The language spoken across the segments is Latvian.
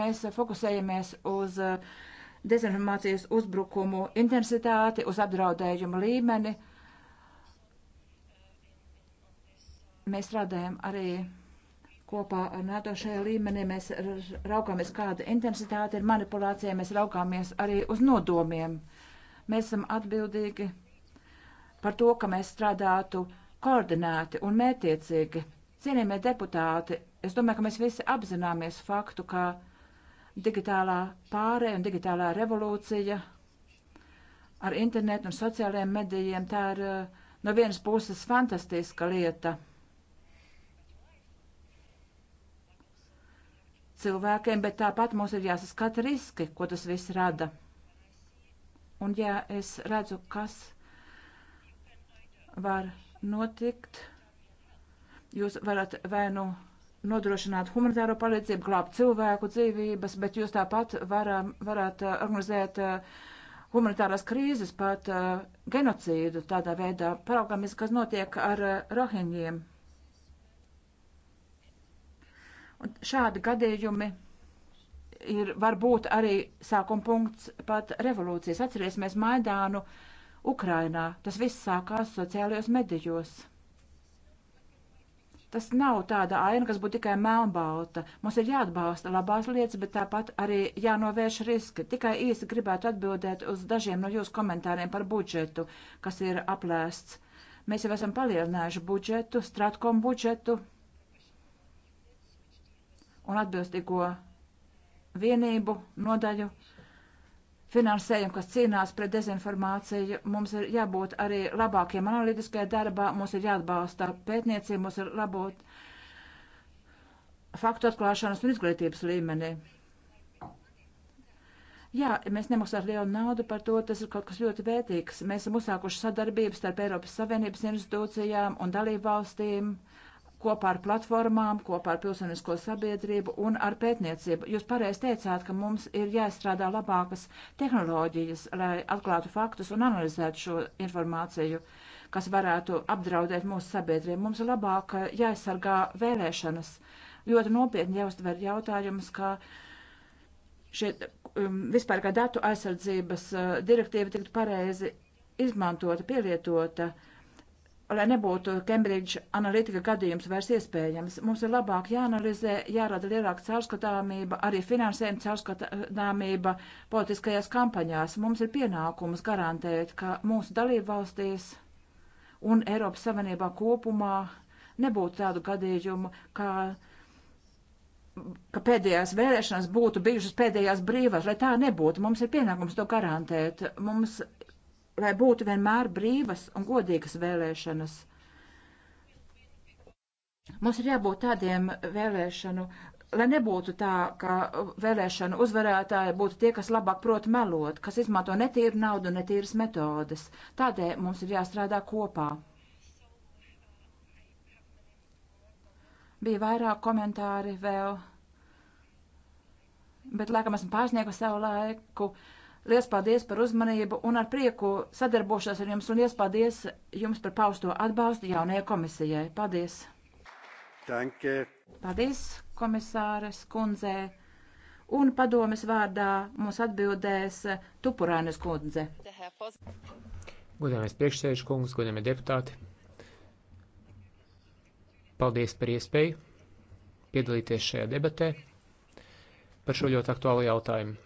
Mēs fokusējamies uz eh, dezinformācijas uzbrukumu intensitāti, uz apdraudējumu līmeni. Mēs strādājam arī kopā ar NATO šajā līmenī. Mēs raugāmies, kāda intensitāte ir manipulācija, mēs raugāmies arī uz nodomiem. Mēs esam atbildīgi par to, ka mēs strādātu koordinēti un mētiecīgi. Cienījamie deputāti, es domāju, ka mēs visi apzināmies faktu, ka digitālā pārē un digitālā revolūcija ar internetu un sociālajiem medijiem. Tā ir eh, no vienas puses fantastiska lieta. Cilvēkiem, bet tāpat mums ir jāsaskata riski, ko tas viss rada. Un ja es redzu, kas var notikt, jūs varat vai nu. No nodrošināt humanitāro palīdzību, glābt cilvēku dzīvības, bet jūs tāpat varam, varat uh, organizēt uh, humanitāras krīzes, pat uh, genocīdu tādā veidā. Paraugamies, kas notiek ar rohiņiem. Un šādi gadījumi ir varbūt arī sākuma punkts pat revolūcijas. Atcerēsimies Maidānu Ukrainā. Tas viss sākās sociālajos medijos. Tas nav tāda aina, kas būtu tikai melnbalta. Mums ir jāatbalsta labās lietas, bet tāpat arī jānovērš riski. Tikai īsi gribētu atbildēt uz dažiem no jūsu komentāriem par budžetu, kas ir aplēsts. Mēs jau esam palielinājuši budžetu, stratkom budžetu un atbilstīgo vienību nodaļu finansējumu, kas cīnās pret dezinformāciju. Mums ir jābūt arī labākiem analītiskajā darbā, mums ir jāatbalsta pētniecība, mums ir labot faktu atklāšanas un izglītības līmenī. Jā, mēs nemaksājam lielu naudu par to, tas ir kaut kas ļoti vērtīgs. Mēs esam uzsākuši sadarbības starp Eiropas Savienības institūcijām un dalību valstīm. Uh, kopā ar platformām, kopā ar pilsonisko sabiedrību un ar pētniecību. Jūs pareiz teicāt, ka mums ir jāizstrādā labākas tehnoloģijas, lai atklātu faktus un analizētu šo informāciju, kas varētu apdraudēt mūsu sabiedrību. Mums ir labāk jāaizsargā vēlēšanas. Ļoti nopietni jāuztver jautājums, ka šie um, vispār kā datu aizsardzības uh, direktīva tiktu pareizi izmantota, pielietota. Uh, lai nebūtu Cambridge analītika gadījums vairs iespējams. Mums ir labāk jāanalizē, jārada lielāka caurskatāmība, arī finansējuma caurskatāmība politiskajās kampaņās. Mums ir pienākums garantēt, ka mūsu dalībvalstīs un Eiropas Savienībā kopumā nebūtu tādu gadījumu, kā ka pēdējās vēlēšanas būtu bijušas pēdējās brīvās, lai tā nebūtu. Mums ir pienākums to garantēt. Mums lai būtu vienmēr brīvas un godīgas vēlēšanas. Mums ir jābūt tādiem vēlēšanu, lai nebūtu tā, ka vēlēšanu uzvarētāji būtu tie, kas labāk prot melot, kas izmanto netīru naudu un netīras metodas. Tādēļ mums ir jāstrādā kopā. Bija vairāk komentāri vēl, bet laikam esmu pārsniegusi savu laiku. Uh, Lielas paldies par uzmanību un ar prieku sadarbošos ar jums un lielas paldies jums par pausto atbalstu jaunajai komisijai. Paldies! Danke. Paldies, komisāres kundzei! un padomes vārdā mums atbildēs Tupurānes kundze. Godāmies priekšsēžu kungs, godāmie deputāti. Paldies par iespēju piedalīties šajā debatē par šo ļoti aktuālu jautājumu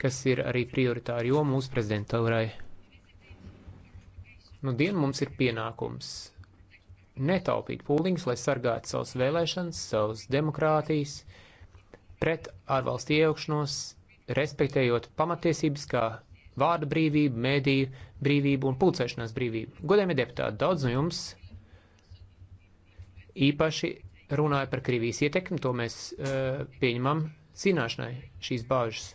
kas ir arī prioritāra joma mūsu prezidentūrai. Nu, dienu mums ir pienākums netaupīt pūliņus, lai sargātu savas vēlēšanas, savas demokrātijas, pret ārvalstu iejaukšanos, respektējot pamatiesības kā vārda brīvību, mēdīju brīvību un pulcēšanās brīvību. Godējumie deputāti, daudz no jums īpaši runāja par Krievijas ietekmi, to mēs uh, pieņemam zināšanai šīs bāžas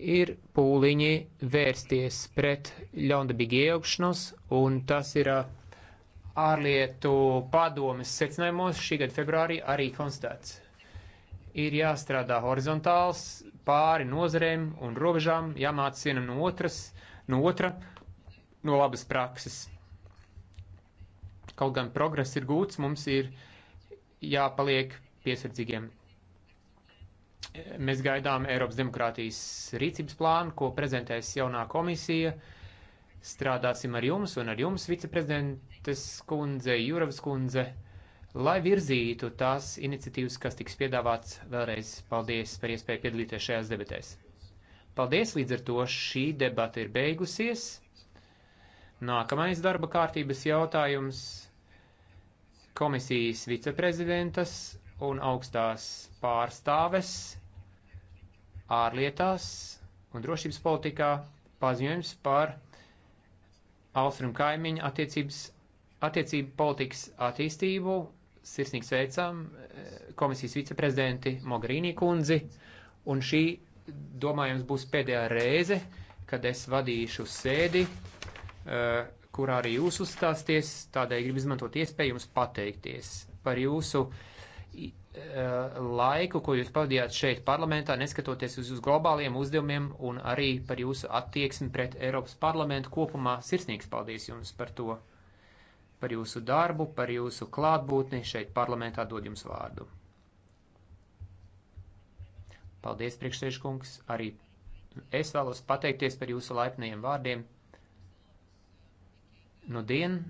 ir pūliņi vērsties pret ļaundabīgi iejaukšanos, un tas ir ārlietu padomes secinājumos šī gada februārī arī konstatēts. Ir jāstrādā horizontāls, pāri nozarēm un robežām, jāmāc viena no otras, no otra, no labas prakses. Kaut gan progress ir gūts, mums ir jāpaliek piesardzīgiem. Mēs gaidām Eiropas demokrātijas rīcības plānu, ko prezentēs jaunā komisija. Strādāsim ar jums un ar jums, viceprezidentes kundze, Juravas kundze, lai virzītu tās iniciatīvas, kas tiks piedāvāts. Vēlreiz paldies par iespēju piedalīties šajās debatēs. Paldies, līdz ar to šī debata ir beigusies. Nākamais darba kārtības jautājums komisijas viceprezidentas un augstās pārstāves ārlietās un drošības politikā paziņojums par austrumu kaimiņu attiecības, attiecību politikas attīstību. Sirsnīgi sveicam eh, komisijas viceprezidenti Mogherīnī kundzi, un šī, domājams, būs pēdējā reize, kad es vadīšu sēdi, eh, kurā arī jūs uzstāsties, tādēļ gribu izmantot iespēju jums pateikties par jūsu uh, E, laiku, ko jūs pavadījāt šeit parlamentā, neskatoties uz, uz globāliem uzdevumiem un arī par jūsu attieksmi pret Eiropas parlamentu kopumā. Sirsnīgs paldies jums par to, par jūsu darbu, par jūsu klātbūtni šeit parlamentā dod jums vārdu. Paldies, priekšsēžkungs, arī es vēlos pateikties par jūsu laipniem vārdiem. Nu, dien,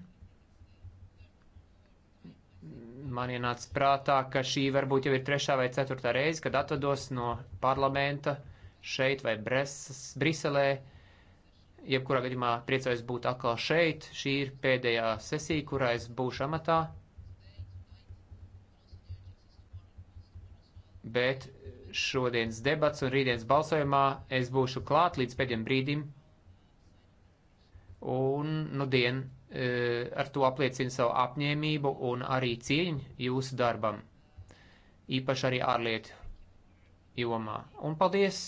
man ienāca prātā, ka šī varbūt jau ir trešā vai ceturtā reize, kad atvados no parlamenta šeit vai Bresas, Briselē. Jebkurā gadījumā priecājos būt atkal šeit. Šī ir pēdējā sesija, kurā es būšu amatā. Bet šodienas debats un rītdienas balsojumā es būšu klāt līdz pēdējiem brīdim. Un, nu, dienu E, ar to apliecina savu apņēmību un arī cieņu jūsu darbam, īpaši arī ārlietu jomā. Un paldies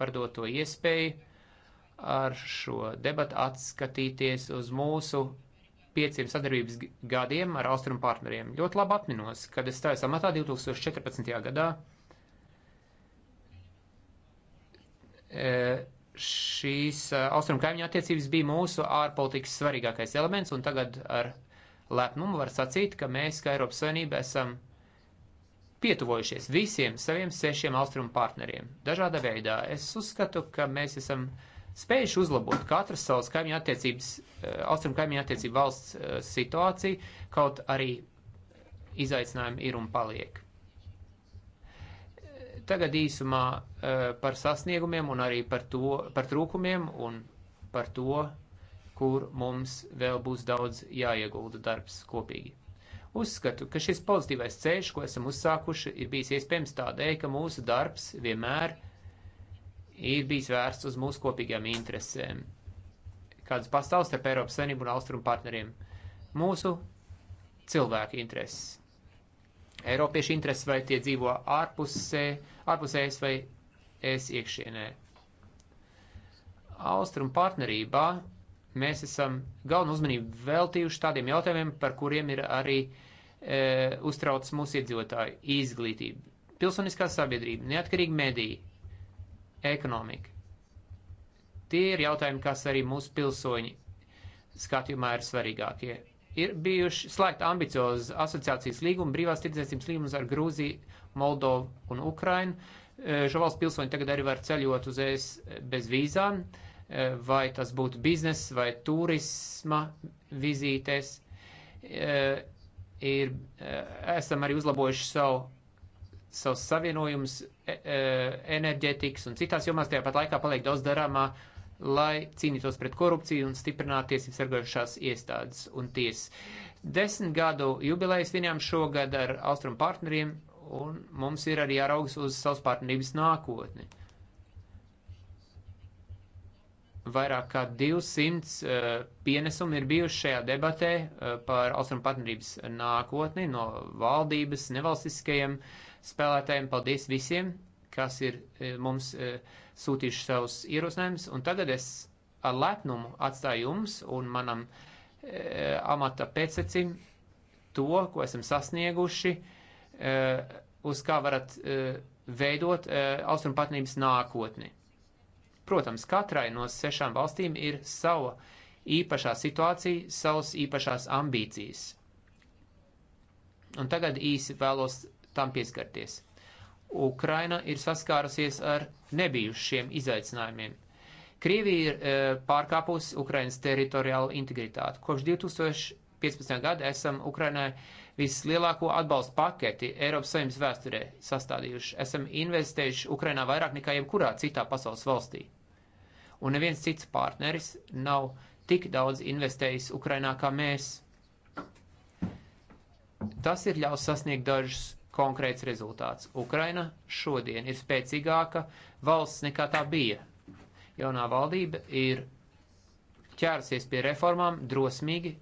par doto iespēju ar šo debatu atskatīties uz mūsu pieciem sadarbības gadiem ar austrumu partneriem. Ļoti labi atminos, kad es stāju samatā 2014. gadā. E, šīs eh, austrumu kaimiņu attiecības bija mūsu ārpolitikas svarīgākais elements, un tagad ar lepnumu var sacīt, ka mēs, kā Eiropas Savienība, esam pietuvojušies visiem saviem sešiem austrumu partneriem. Dažāda veidā es uzskatu, ka mēs esam spējuši uzlabot katras savas kaimiņu attiecības, eh, austrumu kaimiņu attiecību valsts eh, situāciju, kaut arī izaicinājumi ir un paliek. Tagad īsumā eh, par sasniegumiem un arī par, to, par trūkumiem un par to, kur mums vēl būs daudz jāiegulda darbs kopīgi. Uzskatu, ka šis pozitīvais ceļš, ko esam uzsākuši, ir bijis iespējams tādēļ, ka mūsu darbs vienmēr ir bijis vērsts uz mūsu kopīgām interesēm, kādas pastāv starp Eiropas Savienību un Austrumu partneriem. Mūsu cilvēku intereses. Eiropiešu intereses, vai tie dzīvo ārpusē, ārpusējas vai es iekšienē. Austrum partnerībā mēs esam galvenu uzmanību veltījuši tādiem jautājumiem, par kuriem ir arī e, uztrauc mūsu iedzīvotāju izglītība, pilsoniskā sabiedrība, neatkarīga medija, ekonomika. Tie ir jautājumi, kas arī mūsu pilsoņi skatījumā ir svarīgākie ir bijuši slēgta ambiciozi asociācijas līguma, brīvās tirdzniecības līgums ar Grūziju, Moldovu un Ukrainu. E, šo valstu pilsoņi tagad arī var ceļot uz ES bez vīzām, e, vai tas būtu bizness vai turisma vizītēs. E, ir, esam arī uzlabojuši savu, savus savienojumus enerģētikas un citās jomās, tajāpat laikā paliek daudz darāmā lai cīnītos pret korupciju un stiprinātu tiesību sargājušās iestādes un tiesas. Desmit gadu jubilejas viņām šogad ar austrumu partneriem, un mums ir arī jāraugas uz savas partnerības nākotni. Vairāk kā 200 uh, eh, pienesumi ir bijuši šajā debatē uh, par austrumu partnerības nākotni no valdības, nevalstiskajiem spēlētājiem. Paldies visiem! kas ir eh, mums eh, sūtījuši savus ierosinājumus, un tagad es ar lepnumu atstāju jums un manam eh, amata pēcsecim to, ko esam sasnieguši, uz kā varat veidot austrumpatnības nākotni. Protams, katrai no sešām valstīm ir sava īpašā situācija, savas īpašās ambīcijas. Un tagad īsi vēlos tam pieskarties. Ukraina ir saskārusies ar nebijušiem izaicinājumiem. Krievija ir e, pārkāpusi Ukrainas teritoriālu integritāti. Kopš 2015. gada esam Ukrainai vislielāko atbalstu paketi Eiropas Savienības vēsturē sastādījuši. Esam investējuši Ukrainā vairāk nekā jebkurā citā pasaules valstī. Un neviens cits partneris nav tik daudz investējis Ukrainā kā mēs. Tas ir ļaus sasniegt dažus konkrēts rezultāts. Ukraina šodien ir spēcīgāka valsts nekā tā bija. Jaunā valdība ir ķērsies pie reformām drosmīgi.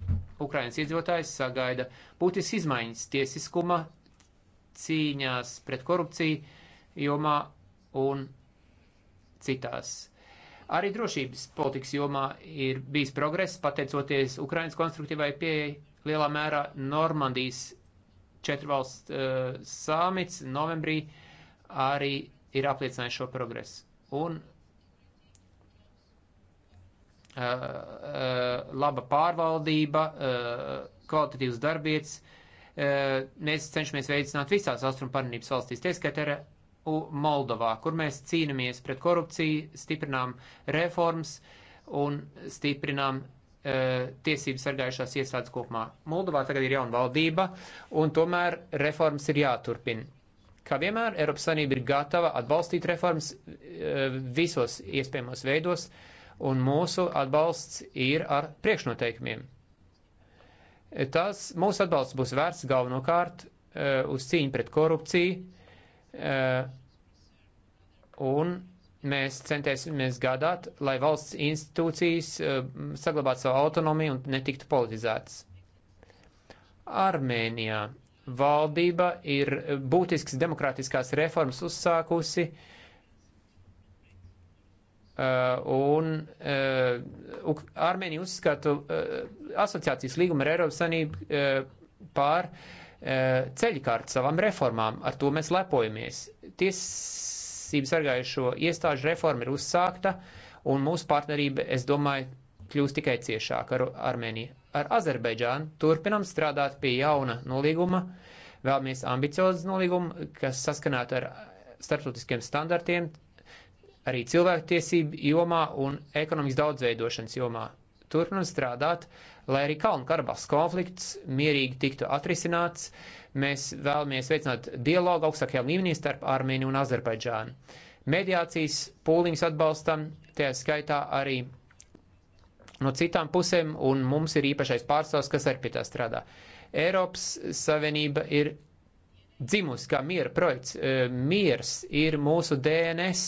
Ukrainas iedzīvotājs sagaida būtisks izmaiņas tiesiskuma, cīņās pret korupciju jomā un citās. Arī drošības politikas jomā ir bijis progress, pateicoties Ukrainas konstruktīvai pieeja lielā mērā Normandijas četru valstu uh, eh, samits novembrī arī ir apliecinājis šo progresu. Un uh, uh, laba pārvaldība, uh, kvalitatīvs darbietis, uh, mēs cenšamies veicināt visās Austrumparnības valstīs, tieskaitā Moldovā, kur mēs cīnāmies pret korupciju, stiprinām reformas un stiprinām Eh, tiesību sargājušās iestādes kopumā. Moldovā tagad ir jauna valdība, un tomēr reformas ir jāturpina. Kā vienmēr, Eiropas Savienība ir gatava atbalstīt reformas eh, visos iespējamos veidos, un mūsu atbalsts ir ar priekšnoteikumiem. Eh, tas mūsu atbalsts būs vērts galvenokārt uz cīņu pret korupciju un Mēs centēsimies gādāt, lai valsts institūcijas eh, saglabātu savu autonomiju un netiktu politizētas. Armēnijā valdība ir būtisks demokrātiskās reformas uzsākusi, Uh, un uh, Armēnija uzskata uh, asociācijas līgumu ar Eiropas Sanību uh, pār uh, ceļkārt savām reformām. Ar to mēs lepojamies. Ties, tiesību sargājušo iestāžu reforma ir uzsākta, un mūsu partnerība, es domāju, kļūs tikai ciešāka ar Armēniju. Ar Azerbaidžānu turpinam strādāt pie jauna nolīguma, vēlamies ambiciozu nolīgumu, kas saskanētu ar starptautiskiem standartiem, arī cilvēktiesību jomā un ekonomikas daudzveidošanas jomā. Turpinam strādāt, lai arī Kalnu Karabahas konflikts mierīgi tiktu atrisināts, uh, Mēs vēlamies veicināt dialogu augstākajā līmenī starp Armēniju un Azerbaidžānu. Mediācijas pūliņus atbalstam, tajā skaitā arī no citām pusēm, un mums ir īpašais pārstāvs, kas arī pie tā strādā. Eiropas Savienība ir dzimusi kā miera projekts. E, miers ir mūsu DNS.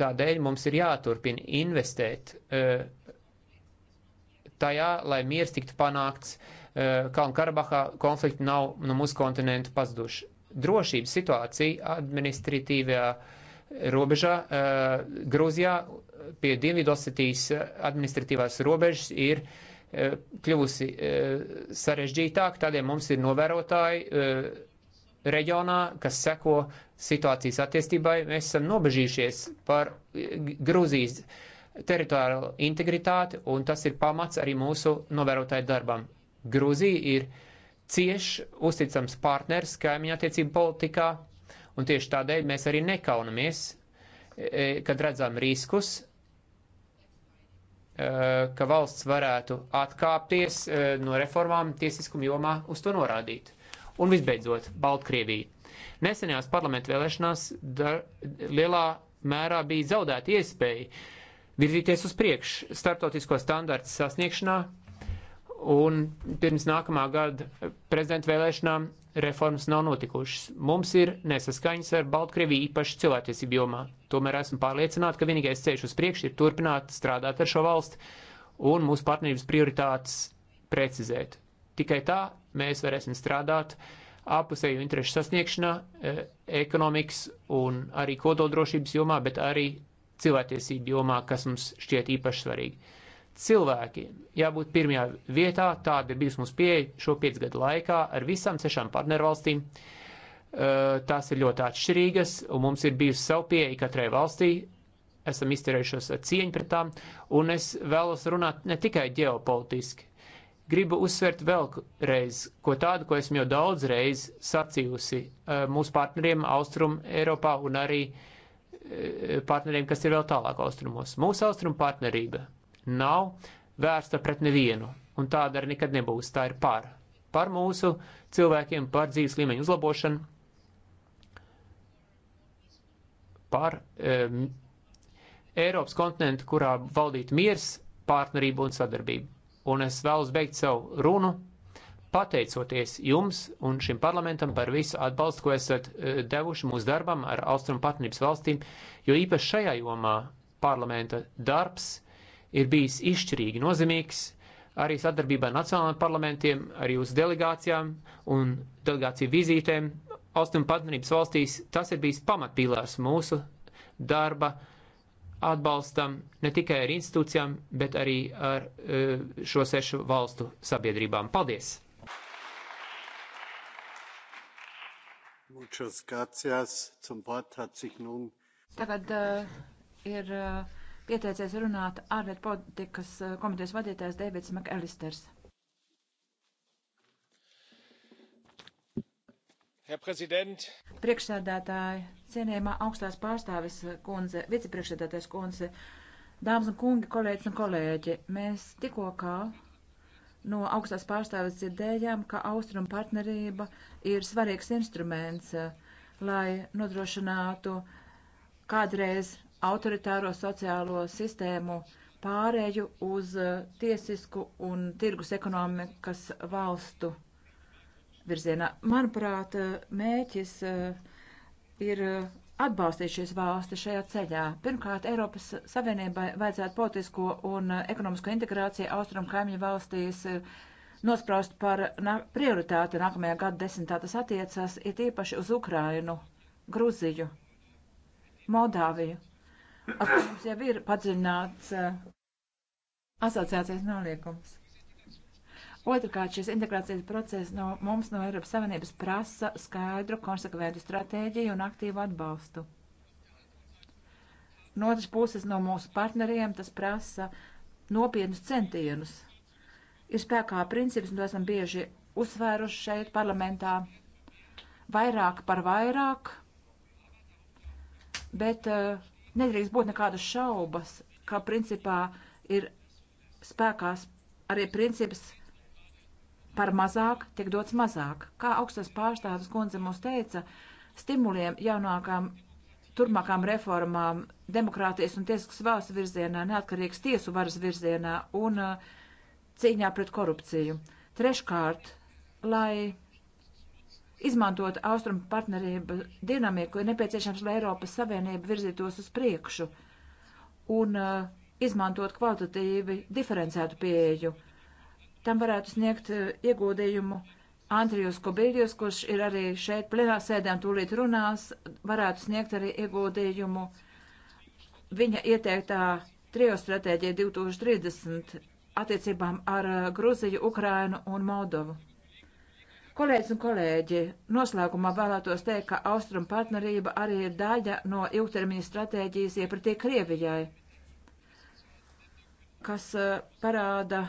Tādēļ mums ir jāturpina investēt uh, tajā, lai miers tiktu panākts. Eh, Kalnkarbahā konflikti nav no mūsu kontinentu pazuduši. Drošības situācija administratīvajā robežā eh, Grūzijā pie Dienvidosetijas administratīvās robežas ir eh, kļuvusi sarežģītāk, tādēļ mums ir novērotāji reģionā, kas seko situācijas attīstībai. Mēs esam nobežījušies par Grūzijas uh, teritoriālu integritāti, un tas ir pamats arī mūsu novērotāju darbam. Grūzija ir cieši uzticams partners kaimiņa attiecību politikā, un tieši tādēļ mēs arī nekaunamies, e, kad redzam riskus, e, ka valsts varētu atkāpties e, no reformām tiesiskuma jomā uz to norādīt. Un visbeidzot, Baltkrievija. Nesenajās parlamentu vēlēšanās dar, lielā mērā bija zaudēta iespēja uh, virzīties uz priekšu startautisko standartu sasniegšanā un pirms nākamā gada prezidenta vēlēšanām reformas nav notikušas. Mums ir nesaskaņas ar Baltkrieviju īpaši cilvēktiesību jomā. Tomēr esmu pārliecināta, ka vienīgais ceļš uz priekšu ir turpināt strādāt ar šo valstu un mūsu partnerības prioritātes precizēt. Tikai tā mēs varēsim strādāt apusēju interešu sasniegšanā, eh, ekonomikas un arī kodoldrošības jomā, bet arī cilvēktiesību jomā, kas mums šķiet īpaši svarīgi. Cilvēki jābūt pirmajā vietā, tāda ir bijusi mums pieeja šo piecu gadu laikā ar visām sešām partnervalstīm. Tās ir ļoti atšķirīgas, un mums ir bijusi savu pieeja katrai valstī, esam izturējušos ar cieņu pret tām, un es vēlos runāt ne tikai ģeopolitiski. Gribu uzsvērt vēlreiz, ko tādu, ko esmu jau daudz reiz sacījusi mūsu partneriem Austrum Eiropā un arī uh, partneriem, kas ir vēl tālāk austrumos. Mūsu austrumu partnerība nav vērsta pret nevienu, un tāda arī nekad nebūs. Tā ir par. Par mūsu cilvēkiem, par dzīves līmeņu uzlabošanu, par um, Eiropas kontinentu, kurā valdītu miers, partnerību un sadarbību. Un es vēlos beigt savu runu pateicoties jums un šim parlamentam par visu atbalstu, ko esat e, devuši mūsu darbam ar Austrumu partnerības valstīm, jo īpaši šajā jomā parlamenta darbs ir bijis izšķirīgi nozīmīgs arī sadarbībā ar nacionālajiem parlamentiem, ar jūsu delegācijām un delegāciju vizītēm Austrumu partnerības valstīs. Tas ir bijis pamatpīlārs mūsu darba atbalstam ne tikai ar institūcijām, bet arī ar e, šo sešu valstu sabiedrībām. Paldies! Tagad uh, ir uh, pieteicies runāt ārlietu politikas uh, komitejas vadītājs Dēvids Makalisters. Priekšsēdētāji, cienījamā augstās pārstāvis kundze, vicepriekšsēdētājs kundze, dāmas un kungi, kolēģis un kolēģi, mēs tikko kā No augstās pārstāves dzirdējām, ka austrumu partnerība ir svarīgs instruments, eh, lai nodrošinātu kādreiz autoritāro sociālo sistēmu pārēju uz eh, tiesisku un tirgus ekonomikas valstu virzienā. Manuprāt, eh, mēķis ir atbalstīt šīs valstis šajā ceļā. Pirmkārt, Eiropas Savienībai vajadzētu politisko un eh, ekonomisko integrāciju austrumu kaimiņu valstīs eh, nospraust par prioritāti nākamajā gada desmitā. Tas attiecas it īpaši uz Ukrainu, Gruziju, Moldāviju, ar kuriem jau ir padziļināts eh, asociācijas noliekums. Otrakārt, šis integrācijas process no mums no Eiropas Savienības prasa skaidru, konsekventu stratēģiju un aktīvu atbalstu. No otras puses, no mūsu partneriem tas prasa nopietnus centienus. Ir spēkā princips, un to esam bieži uzsvēruši šeit parlamentā, vairāk par vairāk, bet uh, nedrīkst būt nekādas šaubas, ka principā ir spēkās arī princips par mazāk tiek dots mazāk. Kā augstas pārstāvis kundze mums teica, stimuliem jaunākām turmākām reformām demokrātijas un tiesiskas valsts virzienā, neatkarīgas tiesu varas virzienā un uh, cīņā pret korupciju. Treškārt, lai izmantot austrumu partnerību dinamiku, ir nepieciešams, lai Eiropas Savienība virzītos uz priekšu un uh, izmantot kvalitatīvi diferencētu pieeju tam varētu sniegt e, ieguldījumu Andrijus Kobīļus, kurš ir arī šeit plenāsēdē un tūlīt runās, varētu sniegt arī ieguldījumu viņa ieteiktā trio stratēģija 2030 attiecībām ar e, Gruziju, Ukrainu un Moldovu. Kolēģis un kolēģi, noslēgumā vēlētos teikt, ka Austrum partnerība arī ir daļa no ilgtermiņa stratēģijas iepratī Krievijai, kas e, parāda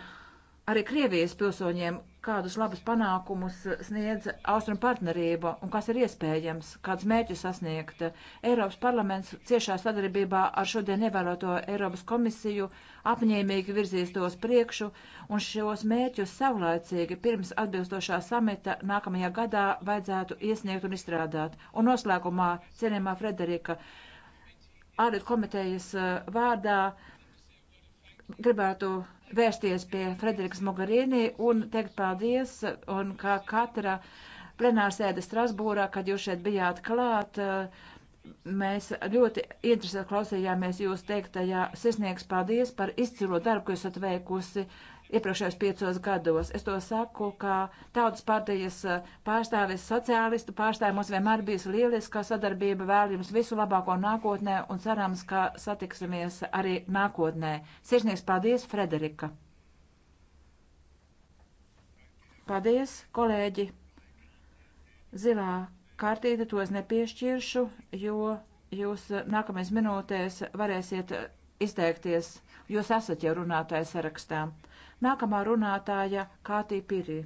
arī Krievijas pilsoņiem, kādus labus panākumus sniedz austrumu partnerība un kas ir iespējams, kāds mērķus sasniegt. Eiropas parlaments ciešā sadarbībā ar šodien ievēloto Eiropas komisiju apņēmīgi virzīs tos priekšu un šos mērķus savlaicīgi pirms atbilstošā samita nākamajā gadā vajadzētu iesniegt un izstrādāt. Un noslēgumā, cienījumā Frederika, ārlietu komitejas eh, vārdā gribētu vērsties pie Frederikas Mogarīnī un teikt paldies, un kā katra plenārsēde Strasbūrā, kad jūs šeit bijāt klāt, mēs ļoti interesēti klausījāmies jūs teiktajā. Sesniegs, paldies par izcilo darbu, ko esat veikusi iepriekšējos piecos gados. Es to saku, ka tautas partijas eh, pārstāvis sociālistu pārstāvi mums vienmēr bijis lieliska sadarbība, vēl jums visu labāko nākotnē un cerams, ka satiksimies arī nākotnē. Sirsnieks paldies, Frederika! Paldies, kolēģi! Zilā kārtīte to es nepiešķiršu, jo jūs eh, nākamais minūtēs varēsiet eh, izteikties, jūs esat jau runātājs sarakstām. Nākamā runātāja Kātī Pirī.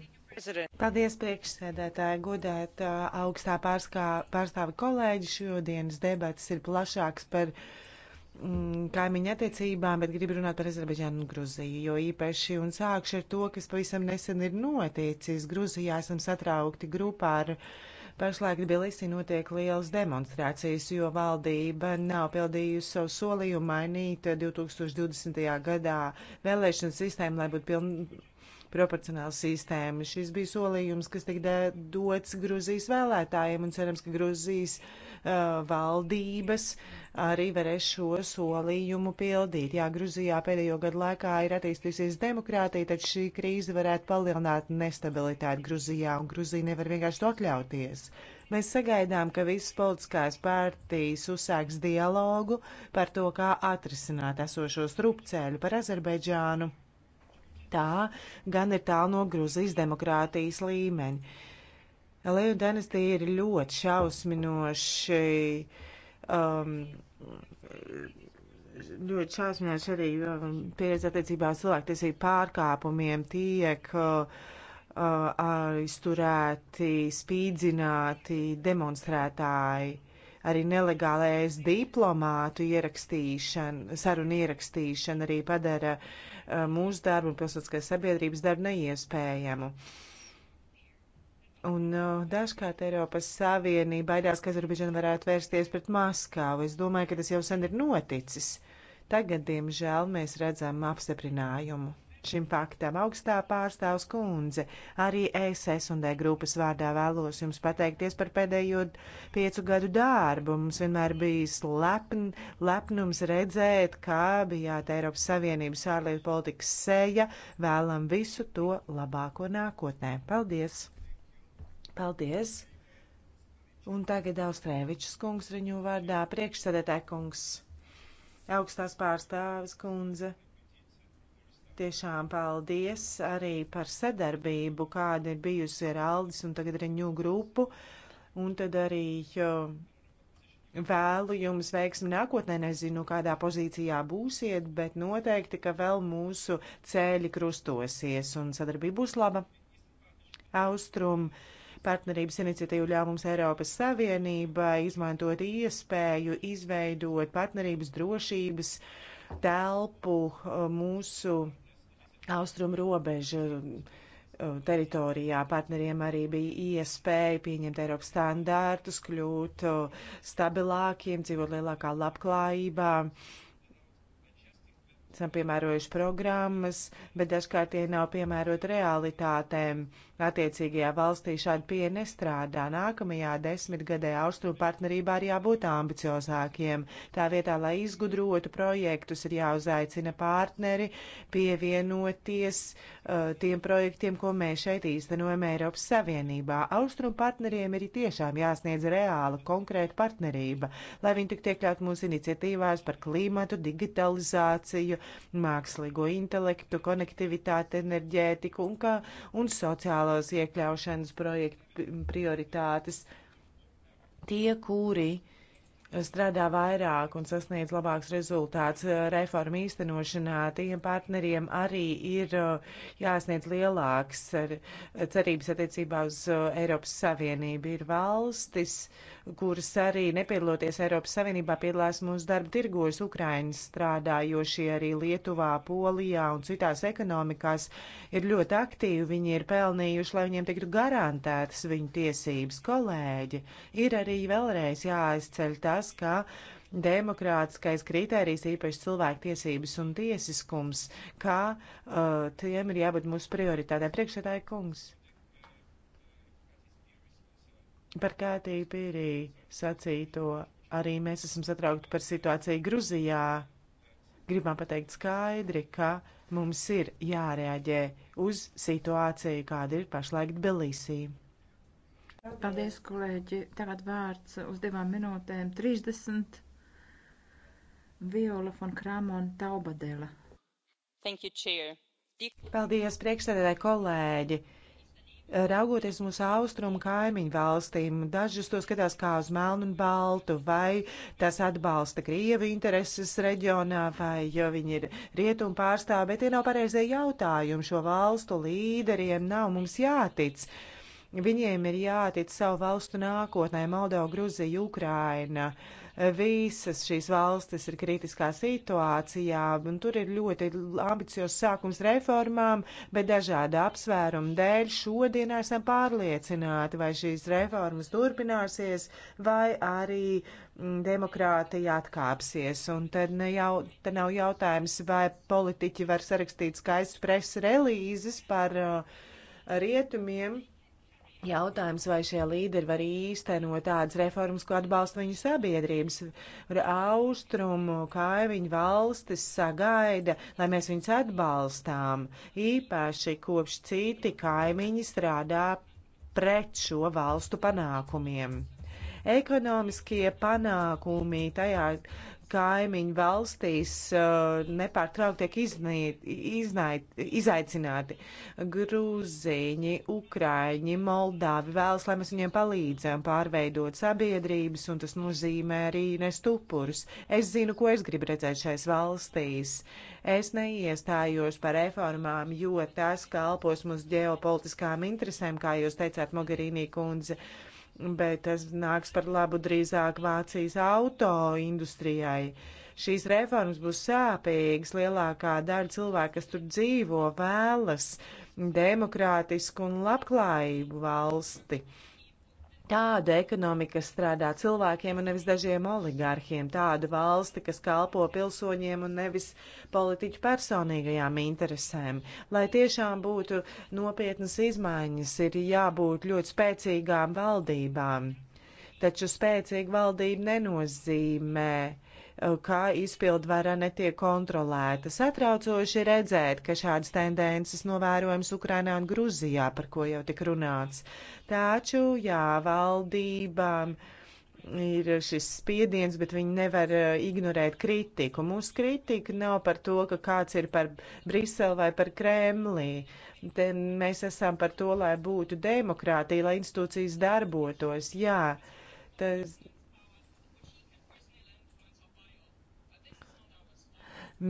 Paldies, priekšsēdētāji, godēt augstā pārskā, pārstāvi kolēģi. Šodienas debats ir plašāks par mm, kaimiņu attiecībām, bet gribu runāt par Azerbaidžānu un Gruziju, jo īpaši un sākšu ar to, kas pavisam nesen ir noticis. Gruzijā esam satraukti grupā ar. Uh, Pašlaik Tbilisī notiek lielas demonstrācijas, jo valdība nav pildījusi savu solījumu mainīt 2020. gadā vēlēšanu sistēmu, lai būtu pilnīgi proporcionāla sistēma. Šis bija solījums, kas tika dots Grūzijas vēlētājiem, un cerams, ka Grūzijas uh, Eh, valdības arī varēs šo solījumu pildīt. Jā, Gruzijā pēdējo gadu laikā ir attīstījusies demokrātija, tad šī krīze varētu palielināt nestabilitāti Gruzijā, un Gruzija nevar vienkārši to atļauties. Mēs sagaidām, ka visas politiskās partijas uzsāks dialogu par to, kā atrisināt esošo strupceļu par Azerbaidžānu. Tā gan ir tālu no Gruzijas demokrātijas līmeņa. Elēna dinastija ir ļoti šausminoši. Um, ļoti šausminoši arī um, pieredze attiecībā uz cilvēktiesību pārkāpumiem tiek uh, uh aizturēti, spīdzināti demonstrētāji. Arī nelegālais diplomātu ierakstīšana, sarunu ierakstīšana arī padara uh, mūsu darbu un pilsētiskās sabiedrības darbu neiespējamu. Uh, Un uh, dažkārt Eiropas Savienība baidās, ka Azerbaidžana varētu vērsties pret Maskavu. Es domāju, ka tas jau sen ir noticis. Tagad, diemžēl, mēs redzam apstiprinājumu. Šim faktam augstā pārstāvs kundze arī SSD grupas vārdā vēlos jums pateikties par pēdējo piecu gadu darbu. Mums vienmēr bija lepn, lepnums redzēt, kā bijāt Eiropas Savienības ārlietu politikas seja. Vēlam visu to labāko nākotnē. Paldies! Paldies! Un tagad Austrēvičs kungs viņu vārdā priekšsēdētāj kungs, augstās pārstāvis kundze. Tiešām paldies arī par sadarbību, kāda ir bijusi ar Aldis un tagad Reņu grupu. Un tad arī vēlu jums veiksmi nākotnē, nezinu, kādā pozīcijā būsiet, bet noteikti, ka vēl mūsu ceļi krustosies un sadarbība būs laba. Austrum. Uh, partnerības iniciatīvu ļāva mums Eiropas Savienībai izmantot iespēju izveidot partnerības drošības telpu uh, mūsu austrumu robežu uh, teritorijā partneriem arī bija iespēja pieņemt Eiropas standārtus, kļūt uh, stabilākiem, dzīvot lielākā labklājībā. Esam piemērojuši programmas, bet dažkārt tie nav piemērot realitātēm. Attiecīgajā valstī šādi pieeja nestrādā. Nākamajā desmitgadē austrumu partnerībā ir jābūt ambiciozākiem. Tā vietā, lai izgudrotu projektus, ir jāuzaicina partneri pievienoties uh, tiem projektiem, ko mēs šeit īstenojam Eiropas Savienībā. Austrumu partneriem ir tiešām jāsniedz reāla, konkrēta partnerība, lai viņi tiktu iekļaut mūsu iniciatīvās par klimatu, digitalizāciju, mākslīgo intelektu, konektivitāti, enerģētiku un, kā, un sociālo sociālos iekļaušanas projektu prioritātes. Tie, kuri strādā vairāk un sasniedz labāks rezultāts reformu īstenošanā, tiem partneriem arī ir uh, jāsniedz lielāks cerības attiecībā uz uh, Eiropas Savienību. Ir valstis, kuras arī nepiedaloties Eiropas Savienībā piedalās mūsu darba tirgojas Ukraiņas strādājošie arī Lietuvā, Polijā un citās ekonomikās ir ļoti aktīvi. Viņi ir pelnījuši, lai viņiem tiktu garantētas viņu tiesības. Kolēģi, ir arī vēlreiz jāizceļ tas, ka demokrātiskais kritērijs, īpaši cilvēktiesības un tiesiskums, kā uh, tiem ir jābūt mūsu prioritātēm. Priekšsēdāja kungs. Par Kātī Pīrī sacīto arī mēs esam satraukti par situāciju Gruzijā. Gribam pateikt skaidri, ka mums ir jārēģē uz situāciju, kāda ir pašlaik Tbilisī. Paldies, kolēģi. Tagad vārds uz divām minūtēm 30. Viola von Kramon Taubadela. Thank you, chair. Paldies, priekšsēdētāji kolēģi raugoties mūsu austrumu kaimiņu valstīm, dažas to skatās kā uz melnu un baltu, vai tas atbalsta Krievi intereses reģionā, vai jo viņi ir rietumu pārstāvi, bet tie nav pareizie jautājumi. Šo valstu līderiem nav mums jātic. Viņiem ir jātic savu valstu nākotnē, Moldova, Gruzija, Ukraina. Uh, visas šīs valstis ir kritiskā situācijā, un tur ir ļoti ambiciozs sākums reformām, bet dažāda apsvēruma dēļ šodien esam pārliecināti, vai šīs reformas turpināsies, vai arī mm, demokrātija atkāpsies. Un tad, ne jau, tad nav jautājums, vai politiķi var sarakstīt skaistas preses relīzes par uh, rietumiem Jautājums, vai šie līderi var īstenot tādas reformas, ko atbalsta viņu sabiedrības. Austrumu kaimiņu valstis sagaida, lai mēs viņus atbalstām, īpaši kopš citi kaimiņi strādā pret šo valstu panākumiem. Ekonomiskie panākumi tajā kaimiņu valstīs uh, nepārtraukt tiek iznīt, iznait, izaicināti. Grūziņi, Ukraiņi, Moldāvi vēlas, lai mēs viņiem palīdzam pārveidot sabiedrības, un tas nozīmē arī nestupurus. Es zinu, ko es gribu redzēt šais valstīs. Es neiestājos par reformām, jo tas kalpos mums ģeopolitiskām interesēm, kā jūs teicāt, Mogherīnī kundze. Uh, bet tas nāks par labu drīzāk Vācijas auto industrijai. Šīs reformas būs sāpīgas. Lielākā daļa cilvēku, kas tur dzīvo, vēlas demokrātisku un labklājību valsti. Tāda ekonomika, kas strādā cilvēkiem un nevis dažiem oligārhiem, tāda valsti, kas kalpo pilsoņiem un nevis politiķu personīgajām interesēm. Lai tiešām būtu nopietnas izmaiņas, ir jābūt ļoti spēcīgām valdībām. Taču spēcīga valdība nenozīmē uh, Eh, kā izpildvara netiek kontrolēta. Satraucoši redzēt, ka šādas tendences novērojams Ukrainā un Gruzijā, par ko jau tik runāts. Taču, jā, valdībām ir šis spiediens, bet viņi nevar eh, ignorēt kritiku. Mūsu kritika nav par to, ka kāds ir par Briseli vai par Kremlī. Te mēs esam par to, lai būtu demokrātija, lai institūcijas darbotos. Jā, tas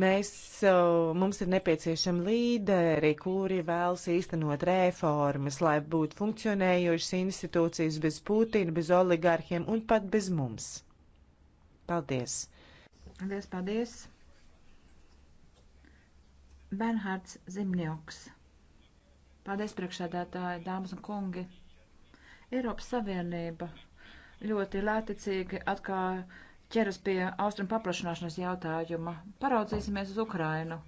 Mēs, eh, mums ir nepieciešami līderi, kuri vēlas īstenot reformas, lai būtu funkcionējošas institūcijas bez Putina, bez oligarhiem un pat bez mums. Paldies! Paldies, paldies! Bernhards Zimņoks. Paldies, priekšsēdētāji, dāmas un kungi! Eiropas Savienība ļoti lēticīgi atkāja ķeras pie austrumu paplašanāšanas jautājuma. Paraudzīsimies uz Ukrainu.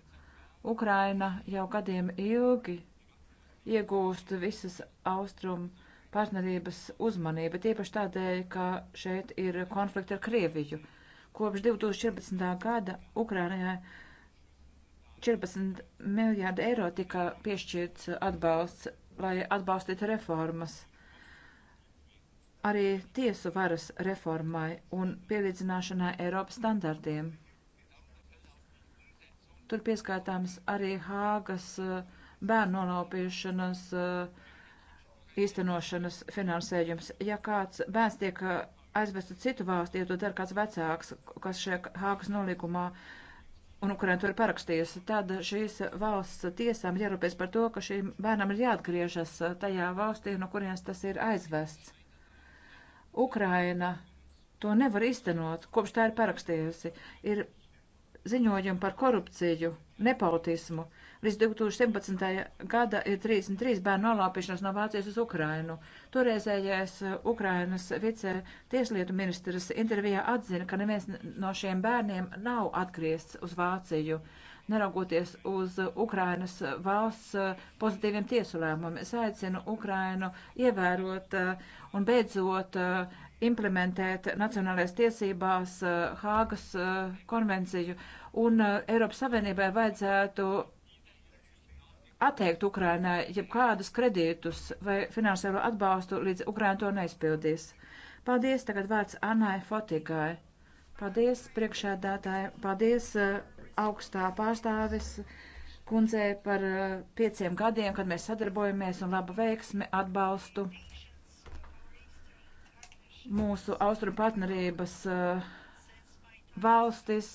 Ukraina jau gadiem ilgi iegūst visas austrumu partnerības uzmanību, tiepaši tādēļ, ka šeit ir konflikti ar Krieviju. Kopš 2014. gada Ukrainai 14 miljārdi eiro tika piešķirts atbalsts, lai atbalstītu reformas arī tiesu varas reformai un pielīdzināšanai Eiropas standartiem. Tur pieskaitāms arī Hāgas eh, bērnu nolaupīšanas eh, īstenošanas finansējums. Ja kāds bērns tiek eh, aizvest uz citu valsti, ja to dara kāds vecāks, kas šajā Hāgas nolīgumā un Ukraina to ir parakstījusi, tad šīs valsts tiesām jārūpēs par to, ka šīm bērnam ir jāatgriežas tajā valstī, no kurienes tas ir aizvests. Ukraina to nevar iztenot, kopš tā ir parakstījusi. Ir ziņojumi par korupciju, nepautismu. Līdz 2017. gada ir 33 bērnu nolāpīšanas no Vācijas uz Ukrainu. Toreizējais Ukrainas vice tieslietu ministrs intervijā atzina, ka neviens no šiem bērniem nav atgriezts uz Vāciju. Uh, neraugoties uz Ukrainas valsts eh, pozitīviem tiesu lēmumiem. Es aicinu Ukrainu ievērot eh, un beidzot eh, implementēt nacionālajās tiesībās Hāgas konvenciju, un Eiropas Savienībai vajadzētu atteikt Ukrainai jebkādus kredītus vai finansiālo atbalstu, līdz Ukraina to neizpildīs. Paldies, tagad vārds Annai Fotigai. Paldies, priekšēdātāji, paldies augstā pārstāves kundzei par uh, pieciem gadiem, kad mēs sadarbojamies un labu veiksmi atbalstu mūsu austrumu partnerības uh, valstis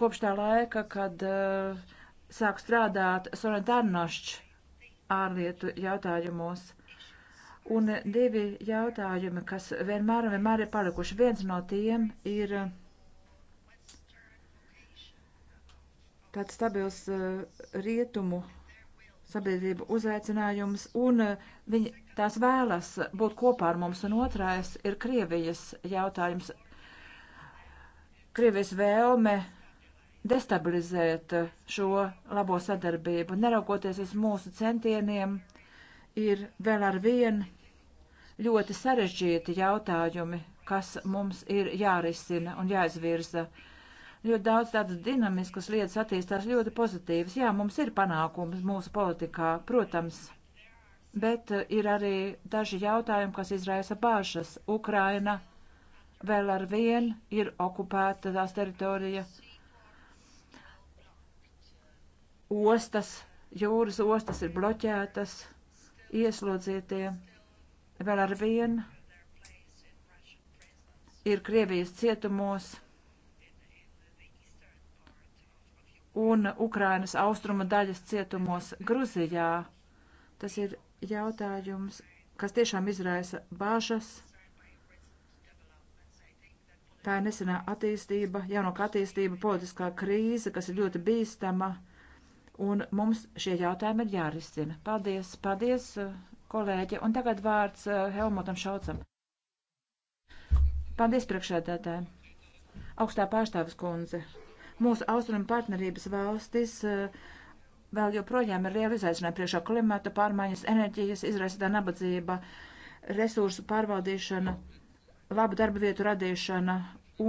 kopš tā laika, kad uh, sāk strādāt Sorentarnošs ārlietu jautājumos. Un divi jautājumi, kas vienmēr, vienmēr ir palikuši. Viens no tiem ir tāds stabils eh, rietumu sabiedrību uzaicinājums, un eh, viņi tās vēlas būt kopā ar mums, un otrais ir Krievijas jautājums. Krievijas vēlme destabilizēt eh, šo labo sadarbību, neraugoties uz mūsu centieniem, ir vēl ar vien ļoti sarežģīti jautājumi, kas mums ir jārisina un jāizvirza. Uh, ļoti daudz tādas dinamiskas lietas attīstās ļoti pozitīvas. Jā, mums ir panākums mūsu politikā, protams, bet eh, ir arī daži jautājumi, kas izraisa bāžas. Ukraina vēl ar vien ir okupēta tās teritorija. Ostas, jūras ostas ir bloķētas, ieslodzītie vēl ar vien ir Krievijas cietumos un Ukrainas austruma daļas cietumos Gruzijā. Tas ir jautājums, kas tiešām izraisa bāžas. Tā ir nesenā attīstība, jaunāka attīstība, politiskā krīze, kas ir ļoti bīstama, un mums šie jautājumi ir jārisina. Paldies, paldies, kolēģi, un tagad vārds eh, Helmutam Šaucam. Paldies priekšētētājiem. Augstā pārstāvis kundze. Mūsu austrumu partnerības valstis eh, vēl joprojām ir liela izaicinājuma priekšā klimata pārmaiņas, enerģijas, izraisītā nabadzība, resursu pārvaldīšana, labu darba vietu radīšana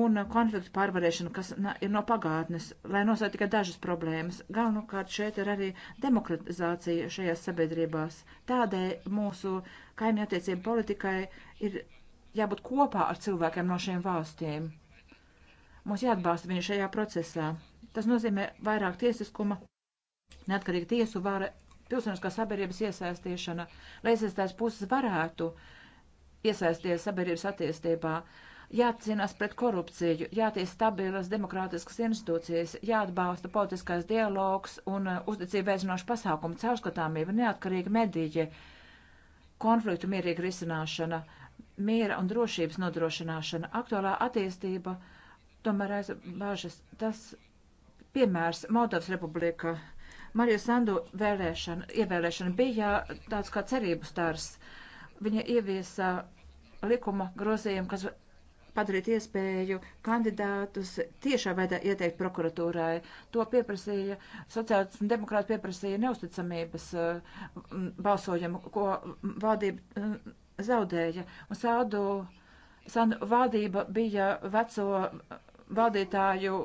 un konfliktu pārvarēšana, kas ir no pagātnes, lai nosaukt tikai dažas problēmas. Galvenokārt šeit ir arī demokratizācija šajās sabiedrībās. Tādēļ mūsu kaimiņu attiecību politikai ir jābūt kopā ar cilvēkiem no šiem valstīm. Mums jāatbalsta viņu šajā procesā. Tas nozīmē vairāk tiesiskuma, neatkarīga tiesu vara, pilsoniskās sabiedrības iesaistīšana, lai iesaistās puses varētu iesaisties sabiedrības attīstībā jācīnās pret korupciju, jātīst stabilas demokrātiskas institūcijas, jāatbalsta politiskais dialogs un uh, uzticība veicinoša pasākuma caurskatāmība, neatkarīga medīja, konfliktu mierīga risināšana, miera un drošības nodrošināšana, aktuālā attīstība tomēr aiz bažas. Tas piemērs Moldovas republika. Marija Sandu vēlēšana, ievēlēšana bija tāds kā cerības stars. Viņa ieviesa likuma grozījumu, kas padarīt iespēju kandidātus tiešā veidā ieteikt prokuratūrai. To pieprasīja, sociālists un demokrāti pieprasīja neusticamības mm, balsojumu, ko valdība mm, zaudēja. Un sādu, sādu valdība bija veco vadītāju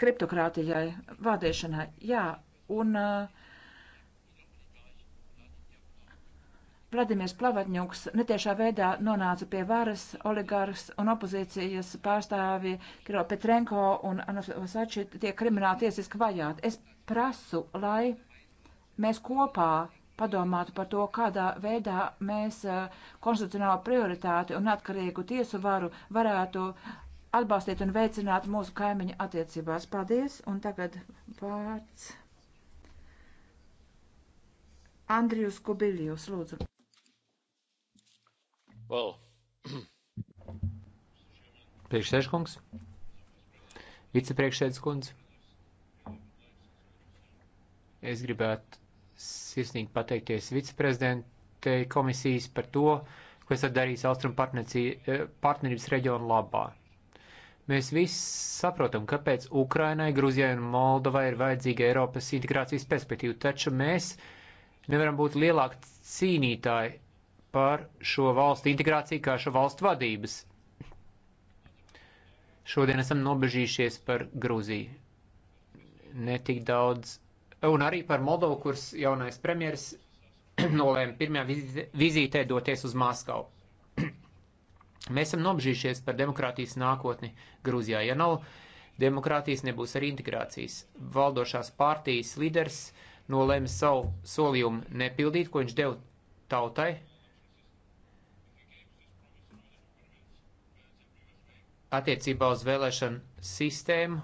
kriptokrātijai, vadīšanai. Jā, un uh, Vladimirs Plavatņuks netiešā veidā nonāca pie varas oligārs un opozīcijas pārstāvi Kiro Petrenko un Anasači tiek krimināli tiesiski vajāti. Es prasu, lai mēs kopā padomātu par to, kādā veidā mēs eh, konstitucionālo prioritāti un atkarīgu tiesu varu varētu atbalstīt un veicināt mūsu kaimiņu attiecībās. Paldies, un tagad vārds Andrijus Kubiļjus, lūdzu. Well. Priekšsēžkungs, vicepriekšsēdskundze, es gribētu sirsnīgi pateikties viceprezidentei komisijas par to, ko esat darījis Austrum eh, partnerības reģionu labā. Mēs visi saprotam, kāpēc Ukrainai, Gruzijai un Moldovai ir vajadzīga Eiropas integrācijas perspektīva, taču mēs nevaram būt lielāki cīnītāji par šo valstu integrāciju kā šo valstu vadības. Šodien esam nobežījušies par Gruziju. Netik daudz un arī par Moldovu, kuras jaunais premjeras nolēma pirmajā vizītē doties uz Maskavu. Mēs esam nobžījušies par demokrātijas nākotni Grūzijā. Ja nav demokrātijas, nebūs arī integrācijas. Valdošās partijas līderis nolēma savu solījumu nepildīt, ko viņš deva tautai. Attiecībā uz vēlēšanu sistēmu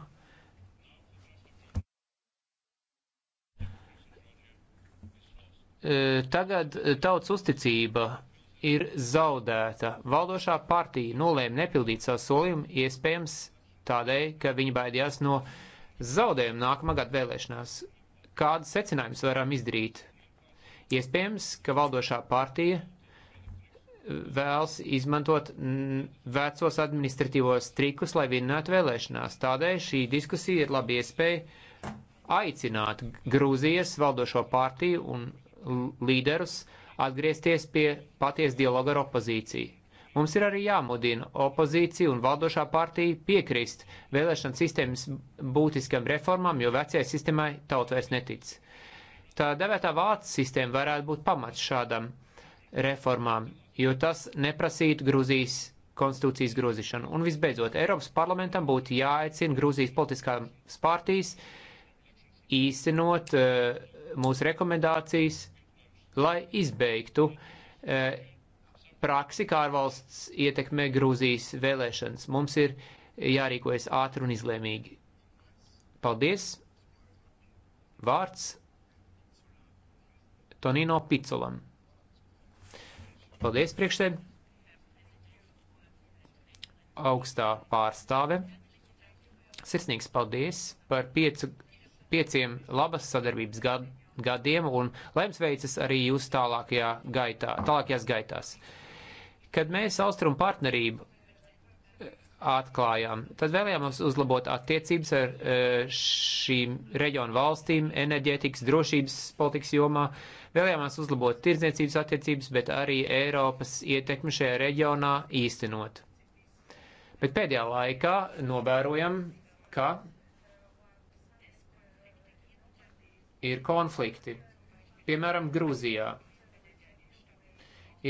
E, tagad e, tauts uzticība ir zaudēta. Valdošā partija nolēma nepildīt savu solījumu, iespējams tādēļ, ka viņi baidījās no zaudējuma nākamā gada vēlēšanās. Kādas secinājumus varam izdarīt? Iespējams, ka valdošā partija vēlas izmantot vecos administratīvos trikus, lai vinnētu vēlēšanās. Tādēļ šī diskusija ir laba iespēja aicināt Grūzijas valdošo partiju un līderus atgriezties pie paties dialoga ar opozīciju. Mums ir arī jāmudina opozīcija un valdošā partija piekrist vēlēšana sistēmas būtiskam reformām, jo vecajai sistēmai tauta vairs netic. Tā devētā vācu sistēma varētu būt pamats šādam reformām, jo tas neprasītu Grūzijas konstitūcijas grozīšanu. Un visbeidzot, Eiropas parlamentam būtu jāaicina Grūzijas politiskās partijas īstenot uh, mūsu rekomendācijas lai izbeigtu e, praksi, kā ārvalsts ietekmē Grūzijas vēlēšanas. Mums ir jārīkojas ātri un izlēmīgi. Paldies! Vārds Tonino Picolam. Paldies priekšsēd! Augstā pārstāve. Sirsnīgs paldies par piecu, pieciem labas sadarbības gadu gadiem un lems veicas arī jūs tālākajā gaitā, tālākajās gaitās. Kad mēs austrumu partnerību eh, atklājām, tad vēlējāmies uzlabot attiecības ar eh, šīm reģionu valstīm, enerģētikas, drošības politikas jomā, vēlējāmies uzlabot tirdzniecības attiecības, bet arī Eiropas ietekmi šajā reģionā īstenot. Bet pēdējā laikā novērojam, ka ir konflikti. Piemēram, Grūzijā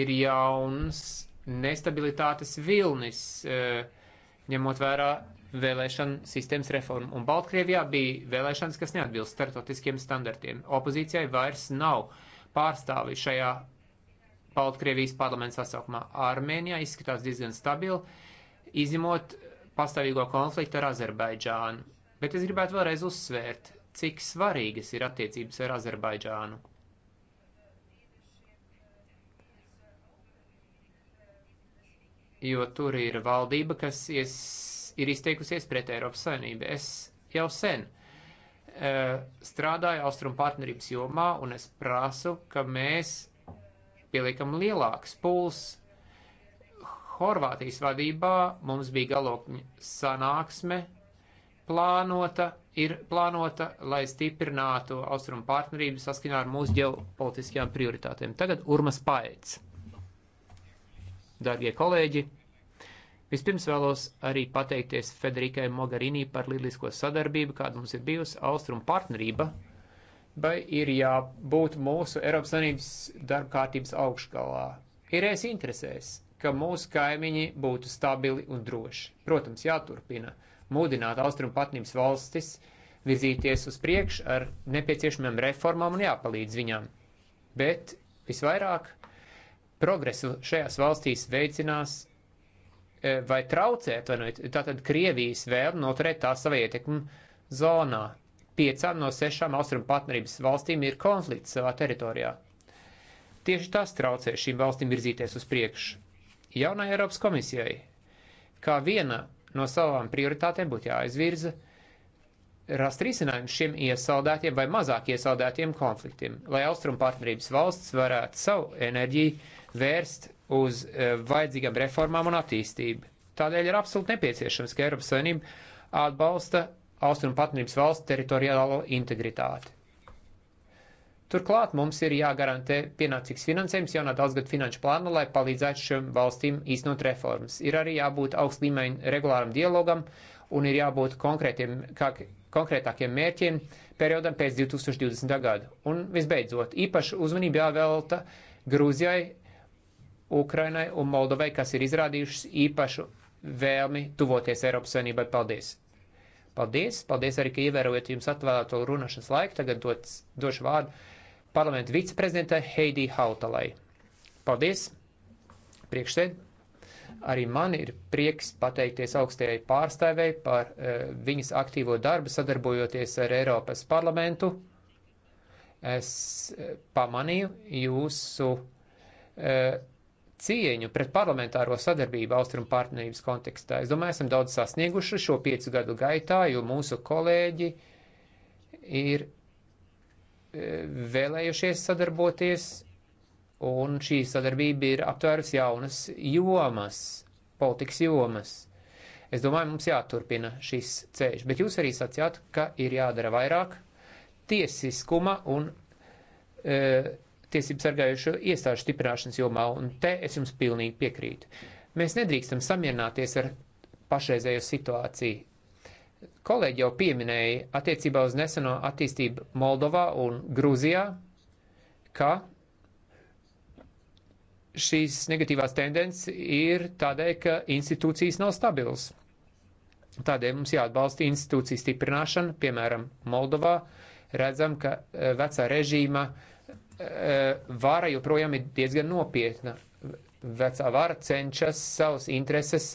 ir jauns nestabilitātes vilnis, e, ņemot vērā vēlēšana sistēmas reformu. Un Baltkrievijā bija vēlēšanas, kas neatbilst startautiskiem standartiem. Opozīcijai vairs nav pārstāvi šajā Baltkrievijas parlamenta sasaukumā. Armēnijā izskatās diezgan stabili, izņemot pastāvīgo konfliktu ar Azerbaidžānu. Bet es gribētu vēlreiz uzsvērt, cik svarīgas ir attiecības ar Azerbaidžānu. Jo tur ir valdība, kas ies, ir izteikusies pret Eiropas Savienību. Es jau sen uh, strādāju Austrum partnerības jomā, un es prasu, ka mēs pieliekam lielāks puls. Horvātijas vadībā mums bija galokņa sanāksme plānota ir plānota, lai stiprinātu austrumu partnerību saskaņā ar mūsu ģeopolitiskajām prioritātēm. Tagad Urmas Paēc. Darbie kolēģi, vispirms vēlos arī pateikties Federikai Mogarinī par lielisko sadarbību, kāda mums ir bijusi austrumu partnerība, vai ir jābūt mūsu Eiropas Savienības darba kārtības augšgalā. Ir es interesēs, ka mūsu kaimiņi būtu stabili un droši. Protams, jāturpina mudināt austrumu patnības valstis virzīties uz priekšu ar nepieciešamiem reformām un jāpalīdz viņām. Bet visvairāk progresu šajās valstīs veicinās e, vai traucē, atvainojiet, nu, tātad Krievijas vēlme noturēt tā savu ietekmu zonā. Piecām no sešām austrumu partnerības valstīm ir konflikts savā teritorijā. Tieši tas traucē šīm valstīm virzīties uz priekšu. Jaunai Eiropas komisijai, kā viena no savām prioritātēm būtu jāizvirza rast risinājumu šiem iesaldētiem vai mazāk iesaldētiem konfliktiem, lai austrumu partnerības valsts varētu savu enerģiju vērst uz e, vajadzīgām reformām un attīstību. Tādēļ ir absolūti nepieciešams, ka Eiropas Savienība atbalsta austrumu partnerības valsts teritoriālo integritāti. Turklāt mums ir jāgarantē pienācīgs finansējums jaunā daudzgad finanšu plāna, lai palīdzētu šiem valstīm īstenot reformas. Ir arī jābūt augst līmeņa regulāram dialogam un ir jābūt konkrētiem, kā, konkrētākiem mērķiem periodam pēc 2020. gada. Un visbeidzot, īpaši uzmanību jāvelta Grūzijai, Ukrainai un Moldovai, kas ir izrādījušas īpašu vēlmi tuvoties Eiropas Savienībai. Paldies! Paldies! Paldies arī, ka ievērojat jums atvēlēto runašanas laiku. Tagad dots, došu vārdu parlamenta viceprezidenta Heidī Hautalai. Paldies, priekšsēd. Arī man ir prieks pateikties augstajai pārstāvēji par uh, viņas aktīvo darbu sadarbojoties ar Eiropas parlamentu. Es uh, pamanīju jūsu uh, cieņu pret parlamentāro sadarbību Austrum partnerības kontekstā. Es domāju, esam daudz sasnieguši šo piecu gadu gaitā, jo mūsu kolēģi ir vēlējušies sadarboties, un šī sadarbība ir aptvērusi jaunas jomas, politikas jomas. Es domāju, mums jāturpina šis ceļš, bet jūs arī sacījāt, ka ir jādara vairāk tiesiskuma un e, tiesību sargājušo iestāžu stiprināšanas jomā, un te es jums pilnīgi piekrītu. Mēs nedrīkstam samierināties ar pašreizējo situāciju. Kolēģi jau pieminēja attiecībā uz neseno attīstību Moldovā un Grūzijā, ka šīs negatīvās tendences ir tādēļ, ka institūcijas nav stabilas. Tādēļ mums jāatbalsta institūciju stiprināšana, piemēram, Moldovā redzam, ka eh, vecā režīma eh, vara joprojām ir diezgan nopietna. Vecā vara cenšas savas intereses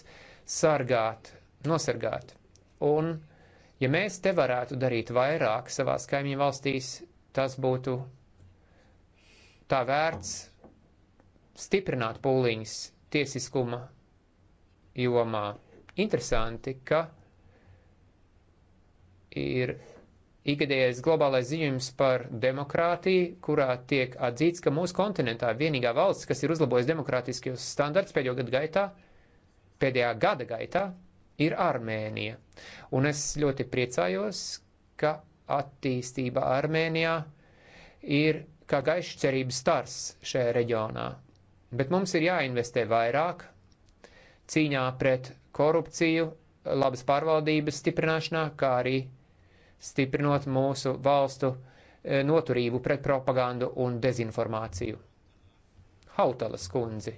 sargāt, nosargāt. Un, ja mēs te varētu darīt vairāk savās kaimiņu valstīs, tas būtu tā vērts stiprināt pūliņas tiesiskuma jomā. Interesanti, ka ir ikgadējais globālais ziņojums par demokrātiju, kurā tiek atzīts, ka mūsu kontinentā vienīgā valsts, kas ir uzlabojusi demokrātiskajos standarts pēdējo gadu gaitā, pēdējā gada gaitā, ir Armēnija. Un es ļoti priecājos, ka attīstība Armēnijā ir kā gaišs cerības stars šajā reģionā. Bet mums ir jāinvestē vairāk cīņā pret korupciju, labas pārvaldības stiprināšanā, kā arī stiprinot mūsu valstu e, noturību pret propagandu un dezinformāciju. Hautalas kundzi.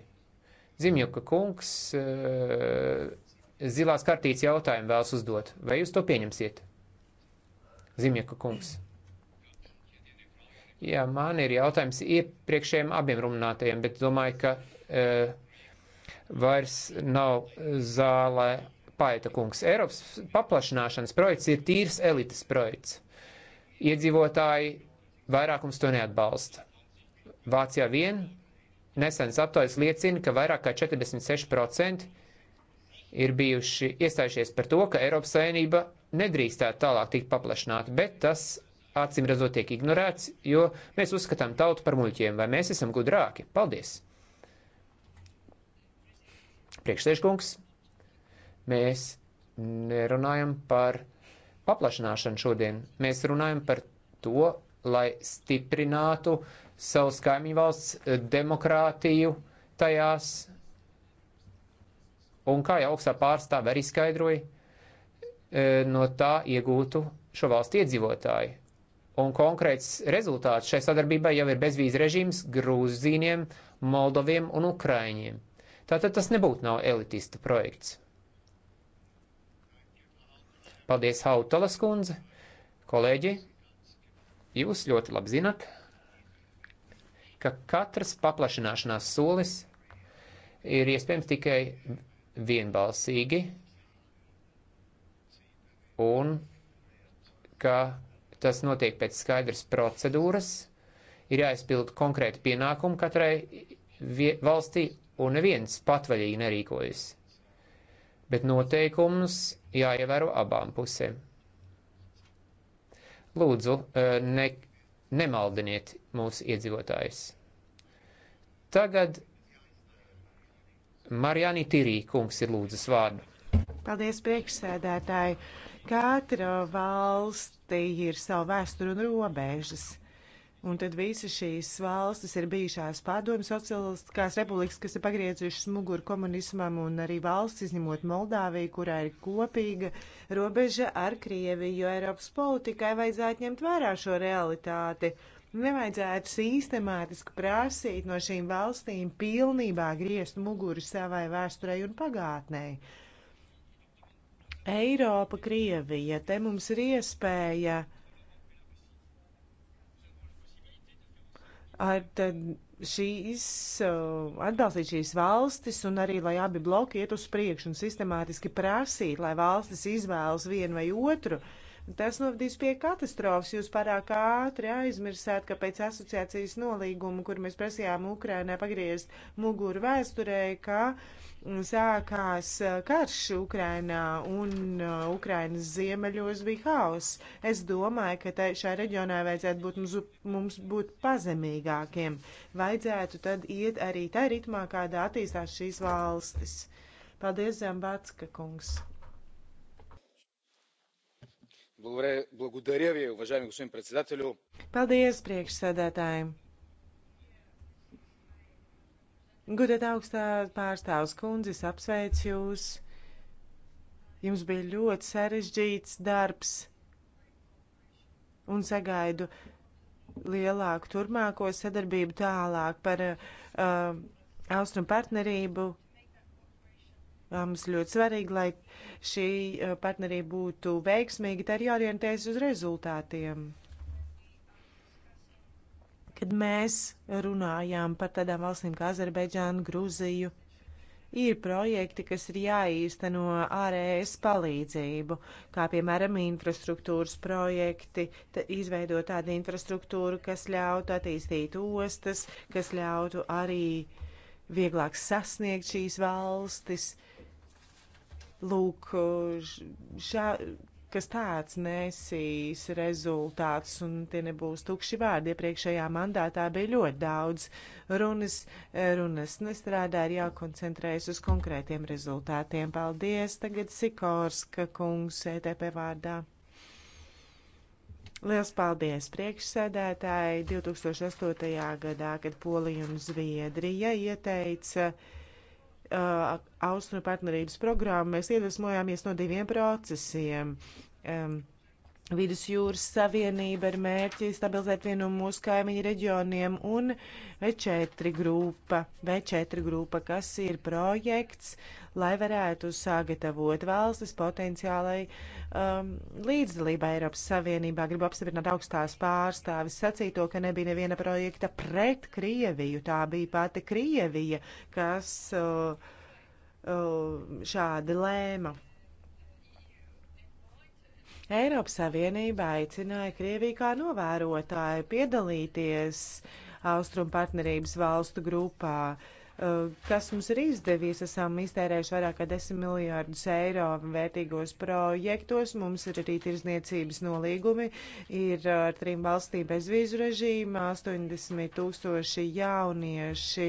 Zimjuka kungs e, zilās kartītes jautājumu vēlas uzdot. Vai jūs to pieņemsiet? Zimjaka kungs. Jā, man ir jautājums iepriekšējiem abiem runātajiem, bet domāju, ka e, vairs nav zālē paeta kungs. Eiropas paplašināšanas projekts ir tīrs elites projekts. Iedzīvotāji vairākums to neatbalsta. Vācijā vien nesenas aptaujas liecina, ka vairāk kā 46% ir bijuši iestājušies par to, ka Eiropas Savienība nedrīkstētu tālāk tikt paplašināta, bet tas acīm redzot tiek ignorēts, jo mēs uzskatām tautu par muļķiem, vai mēs esam gudrāki. Paldies! Priekšsēžkungs, mēs nerunājam par paplašināšanu šodien, mēs runājam par to, lai stiprinātu savus kaimiņu valsts demokrātiju tajās un, kā jau augstā pārstāve arī skaidroja, e, no tā iegūtu šo valstu iedzīvotāji. Un konkrēts rezultāts šai sadarbībai jau ir bezvīz režīms grūzīniem, moldoviem un ukraiņiem. Tātad tas nebūtu nav elitista projekts. Paldies, Hautalas kundze! Kolēģi, jūs ļoti labi zinat, ka katrs paplašināšanās solis ir iespējams tikai vienbalsīgi un ka tas notiek pēc skaidras procedūras, ir jāizpild konkrēti pienākumi katrai valstī un neviens patvaļīgi nerīkojas. Bet noteikums jāievēro abām pusēm. Lūdzu, eh, ne, nemaldiniet mūsu iedzīvotājus. Tagad Marjāni Tirī kungs ir lūdzas vārdu. Paldies, priekšsēdētāji. Katra valsti ir savu vēsturu un robežas. Un tad visas šīs valstis ir bijušās padomju socialistiskās republikas, kas ir pagriezušas muguru komunismam, un arī valsts, izņemot Moldāviju, kurā ir kopīga robeža ar Krieviju, jo Eiropas politikai vajadzētu ņemt vērā šo realitāti. Uh, Nevajadzētu sistemātiski prasīt no šīm valstīm pilnībā griezt muguru savai vēsturei un pagātnē. Eiropa, Krievija, te mums ir iespēja ar šīs, uh, atbalstīt šīs valstis un arī, lai abi bloki iet uz priekšu un sistemātiski prasīt, lai valstis izvēlas vienu vai otru. Uh, Tas novadīs pie katastrofas. Jūs pārāk ātri aizmirsāt, ka pēc asociācijas nolīguma, kur mēs prasījām Ukrainai pagriezt muguru vēsturē, ka sākās uh, karš Ukrainā un uh, Ukrainas ziemeļos bija haoss. Es domāju, ka šajā reģionā vajadzētu būt mums, mums būt pazemīgākiem. Vajadzētu tad iet arī tā ritmā, kādā attīstās šīs valstis. Paldies, Zembātska kungs! Благодаря ви, уважаеми господин председателю. Paldies, priekšsēdētāji. Gudēt augstā pārstāvs kundzes apsveic jūs. Jums bija ļoti sarežģīts darbs un sagaidu lielāku turmāko sadarbību tālāk par uh, austrumu partnerību Mums ļoti svarīgi, lai šī uh, partnerība būtu veiksmīga, tā arī orientējas uz rezultātiem. Kad mēs runājām par tādām valstīm kā Azerbaidžānu, Gruziju, ir projekti, kas ir jāīsteno ārējas palīdzību, kā piemēram infrastruktūras projekti, izveidot tādu infrastruktūru, kas ļautu attīstīt ostas, kas ļautu arī vieglāk sasniegt šīs valstis. Uh, lūk, šā, kas tāds nesīs rezultāts, un tie nebūs tukši vārdi. Iepriekšējā mandātā bija ļoti daudz runas, runas nestrādā, ir jākoncentrējas uz konkrētiem rezultātiem. Paldies, tagad Sikorska kungs ETP vārdā. Liels paldies priekšsēdētāji 2008. gadā, kad Polija un Zviedrija ieteica uh, uh, austrumu partnerības programmu mēs iedvesmojāmies no diviem procesiem. Um, Vidusjūras savienība ir mērķi stabilizēt vienu no mūsu kaimiņu reģioniem un V4 grupa, V4 grupa, kas ir projekts, lai varētu sagatavot valstis potenciālai um, līdzdalībai Eiropas Savienībā. Gribu apstiprināt augstās pārstāvis sacīto, ka nebija neviena projekta pret Krieviju. Tā bija pati Krievija, kas uh, uh, šādi lēma. Eiropas Savienība aicināja Krieviju kā novērotāju piedalīties Austrum partnerības valstu grupā. Uh, Eh, kas mums ir izdevies. Esam iztērējuši vairāk kā 10 miljārdus eiro vērtīgos projektos. Mums ir arī tirzniecības nolīgumi, ir ar trim valstīm bezvīzu režīma, 80 tūkstoši jaunieši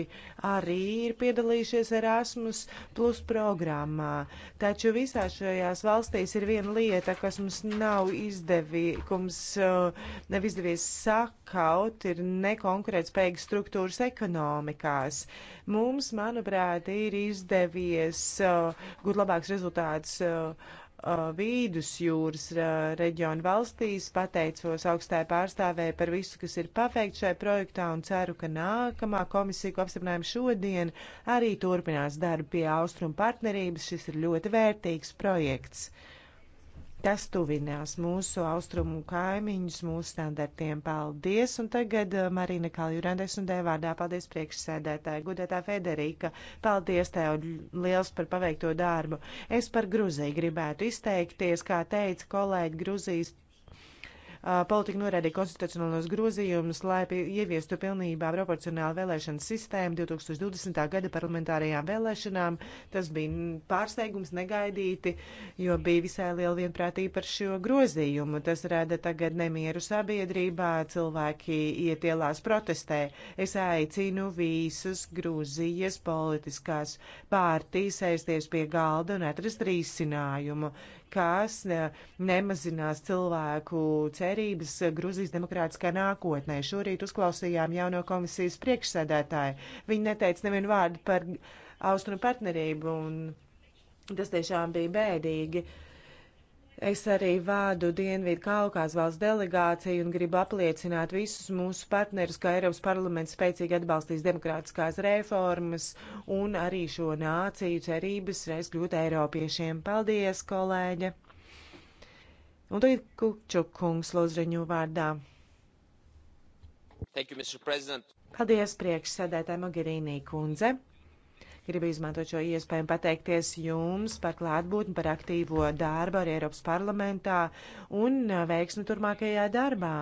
arī ir piedalījušies Erasmus plus programmā. Taču visā šajās valstīs ir viena lieta, kas mums nav izdevīgums, eh, nav izdevies sakaut, ir nekonkurētspējīgas struktūras ekonomikās Mums, manuprāt, ir izdevies uh, gūt labāks rezultāts uh, uh, vīdusjūras uh, reģionu valstīs. Pateicos augstāja pārstāvē par visu, kas ir paveikts šajā projektā un ceru, ka nākamā komisija, ko apstiprinājām šodien, arī turpinās darbu pie austrumu partnerības. Šis ir ļoti vērtīgs projekts. Uh, Tas tuvinās mūsu austrumu kaimiņus, mūsu standartiem. Paldies! Un tagad eh, Marina Kaljurandes un Dēvārdā. Paldies priekšsēdētāji, gudētā Federika. Paldies tev liels par paveikto darbu. Es par Gruziju gribētu izteikties, kā teica kolēģi Gruzijas Uh, politika norādīja konstitucionālos grozījumus, lai ieviestu pilnībā proporcionālu vēlēšanu sistēmu 2020. gada parlamentārajām vēlēšanām. Tas bija pārsteigums negaidīti, jo bija visai liela vienprātība par šo grozījumu. Tas rada tagad nemieru sabiedrībā, cilvēki iet ielās protestē. Es aicinu visas Grūzijas politiskās pārtīs sēsties pie galda un atrast risinājumu, kas nemazinās cilvēku cerības Gruzijas demokrātiskā nākotnē. Šorīt uzklausījām jauno komisijas priekšsēdētāju. Viņi neteica nevienu vārdu par austrumu partnerību, un tas tiešām bija bēdīgi. Uh, Es arī vādu Dienvidu Kaukās valsts delegāciju un gribu apliecināt visus mūsu partnerus, ka Eiropas parlaments spēcīgi atbalstīs demokrātiskās reformas un arī šo nāciju cerības reiz kļūt Eiropiešiem. Paldies, kolēģe! Un tagad Kukčukungs Lozreņu vārdā. Thank you, Mr. President. Paldies, priekšsēdētāja Mogherīnī kundze. Gribu izmantot šo iespēju pateikties jums par klātbūtni, par aktīvo darbu arī Eiropas parlamentā un uh, veiksmi turmākajā darbā.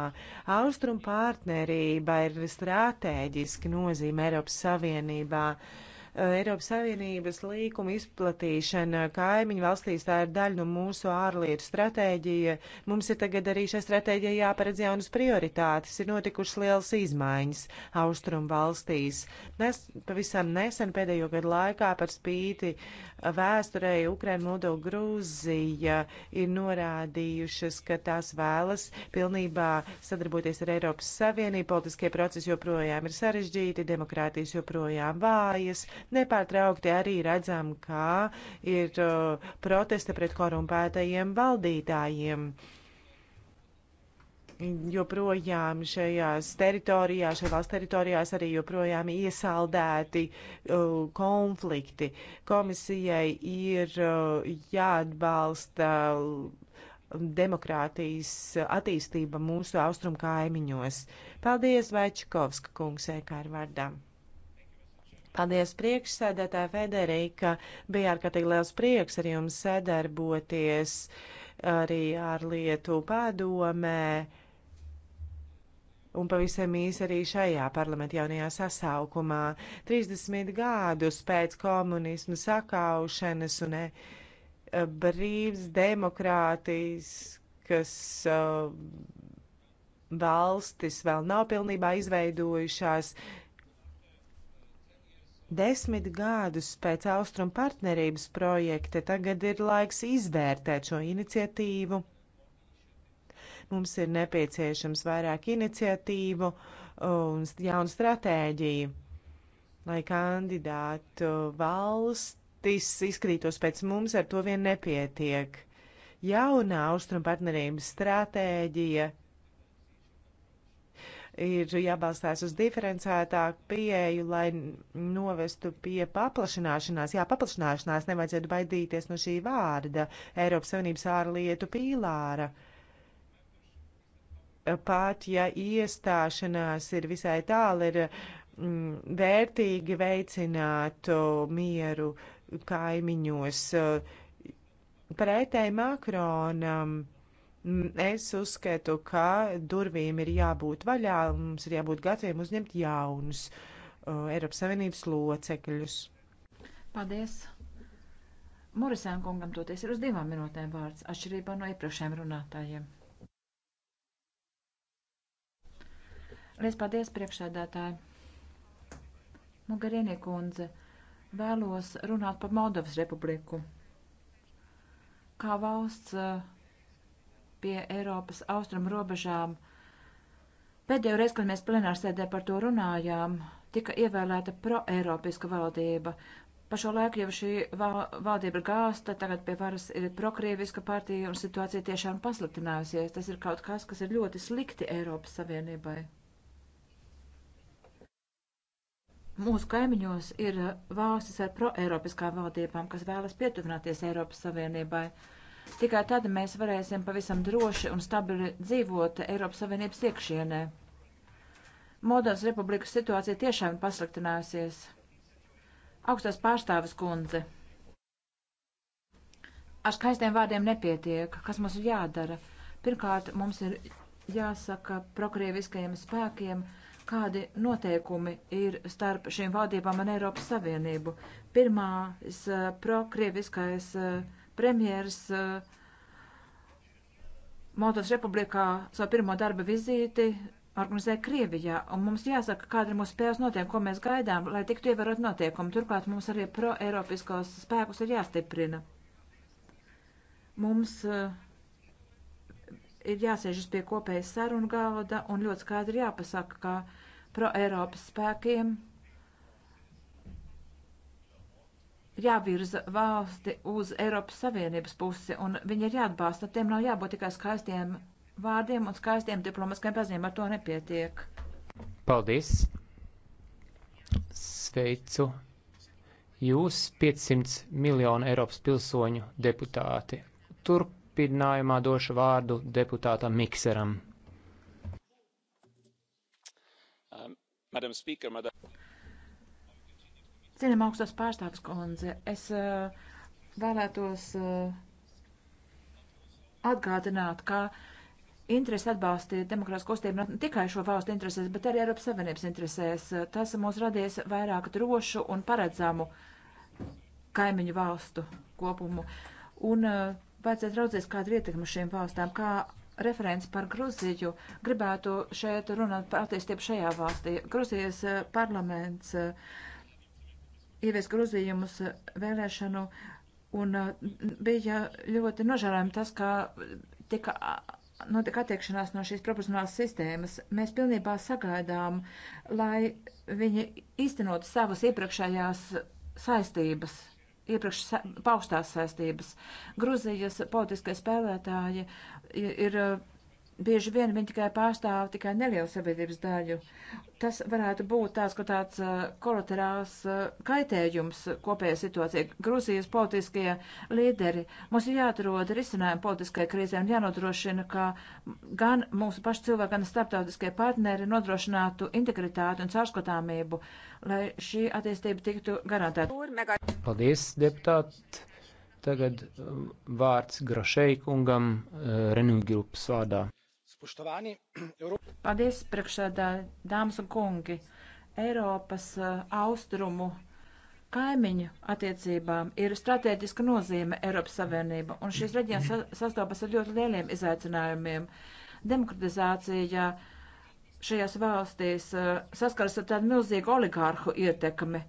Austrum partnerība ir stratēģiski nozīme Eiropas Savienībā. Uh, Eiropas Savienības līkuma izplatīšana kaimiņu valstīs tā ir daļa no mūsu ārlietu stratēģija. Mums ir tagad arī šai stratēģijai jāparedz jaunas prioritātes. Ir notikušas lielas izmaiņas austrumu valstīs. Nes, pavisam nesen pēdējo gadu laikā par spīti vēsturei Ukraina, Moldova, Grūzija ir norādījušas, ka tās vēlas pilnībā sadarboties ar Eiropas Savienību. Politiskie procesi joprojām ir sarežģīti, demokrātijas joprojām vājas Nepārtraukti arī redzam, kā ir uh, protesti pret korumpētajiem valdītājiem joprojām šajās teritorijās, šajā valsts teritorijās arī joprojām iesaldēti uh, konflikti. Komisijai ir uh, jāatbalsta uh, demokrātijas attīstība mūsu austrumu kaimiņos. Paldies, Vaičkovska kungs, ekār vārdā. Paldies priekšsēdētāja Federika. Bija ārkārtīgi liels prieks ar jums sadarboties arī ar lietu padomē. Un pavisam īsi arī šajā parlamenta jaunajā sasaukumā, 30 gadus pēc komunismu sakaušanas un eh, brīvs demokrātiskas uh, valstis vēl nav pilnībā izveidojušās, uh, Desmit gadus pēc Austrum partnerības projekta tagad ir laiks izvērtēt šo iniciatīvu. Mums ir nepieciešams vairāk iniciatīvu uh, un jaunu stratēģiju, lai kandidātu valstis izkrītos pēc mums, ar to vien nepietiek. Jaunā Austrum partnerības stratēģija ir jābalstās uz diferencētāku pieeju, lai novestu pie paplašināšanās. Jā, paplašināšanās nevajadzētu baidīties no šī vārda Eiropas Savienības ārlietu pīlāra pat ja iestāšanās ir visai tālu, ir mm, vērtīgi veicināt mieru kaimiņos. Pretēji Makronam Es uzskatu, ka durvīm ir jābūt vaļā, mums ir jābūt gataviem uzņemt jaunus uh, Eiropas Savienības locekļus. Paldies! Morisēm kungam toties ir uz divām minūtēm vārds, atšķirībā no iepriekšējiem runātājiem. Lies paldies priekšsēdētāji! Mogherini kundze, vēlos runāt par Moldovas republiku. Kā valsts uh, pie Eiropas austrumu robežām. Pēdējo reizi, kad mēs plenārsēdē par to runājām, tika ievēlēta proeiropiska valdība. Pa šo laiku jau šī valdība ir gāsta, tagad pie varas ir prokrieviska partija un situācija tiešām pasliktinājusies. Tas ir kaut kas, kas ir ļoti slikti Eiropas Savienībai. Mūsu kaimiņos ir valstis ar proeiropiskām valdībām, kas vēlas pietuvināties Eiropas Savienībai. Tikai tad mēs varēsim pavisam droši un stabili dzīvot Eiropas Savienības iekšienē. Moldovas republikas situācija tiešām pasliktinājusies. Augstās pārstāvis kundze. Ar skaistiem vārdiem nepietiek. Kas mums ir jādara? Pirmkārt, mums ir jāsaka prokrieviskajiem spēkiem, kādi noteikumi ir starp šīm valdībām un Eiropas Savienību. Pirmās eh, prokrieviskais uh, eh, premjeras uh, eh, Moldovas republikā savu pirmo darba vizīti organizē Krievijā, un mums jāsaka, kāda ir mūsu spējas notiekuma, ko mēs gaidām, lai tiktu ievērot notiekumu. Turklāt mums arī pro-eiropiskos spēkus ir jāstiprina. Mums uh, ir jāsēžas pie kopējas sarunu galda un ļoti skaidri jāpasaka, ka pro-eiropas spēkiem jāvirza valsti uz Eiropas Savienības pusi, un viņi ir jāatbalsta. Tiem nav jābūt tikai skaistiem vārdiem un skaistiem diplomatiskiem paziņiem. Ar to nepietiek. Paldies! Sveicu! Jūs 500 miljonu Eiropas pilsoņu deputāti. Turpinājumā došu vārdu deputātam Mikseram. Um, madam speaker, madam... Cienījamā augstās pārstāvis kundze, es uh, vēlētos uh, atgādināt, ka interesi atbalstīt demokrātisko kustību ne tikai šo valstu interesēs, bet arī Eiropas Savienības interesēs. Tas mums radies vairāk drošu un paredzamu kaimiņu valstu kopumu. Un uh, vajadzētu raudzēties, kāda ir ietekme šīm valstām, kā referents par Gruziju. Gribētu šeit runāt par attīstību šajā valstī. Gruzijas parlaments uh, ievies grozījumus eh, vēlēšanu, un eh, bija ļoti nožēlējami tas, ka tika notika attiekšanās no šīs proporcionālās sistēmas. Mēs pilnībā sagaidām, lai viņi īstenotu savas iepriekšējās saistības, iepriekš sa paustās saistības. Gruzijas politiskie spēlētāji ir eh, bieži vien viņi tikai pārstāv tikai nelielu sabiedrības daļu. Tas varētu būt tāds, ka tāds uh, kolaterāls uh, kaitējums kopējā situācijā. Grūzijas politiskie līderi mums ir jāatrod risinājumu politiskajai krīzē un jānodrošina, ka gan mūsu paši cilvēki, gan starptautiskie partneri nodrošinātu integritāti un caurskatāmību, lai šī attīstība tiktu garantēta. Paldies, deputāti! Tagad um, vārds Grašeikungam uh, Renu grupas vārdā. Paldies, priekšsēdā, dāmas un kungi. Eiropas eh, austrumu kaimiņu attiecībām ir strateģiska nozīme Eiropas Savienība, un šīs reģions sastopas ar ļoti lieliem izaicinājumiem. Demokratizācija šajās valstīs eh, saskaras ar tādu milzīgu oligārhu ietekmi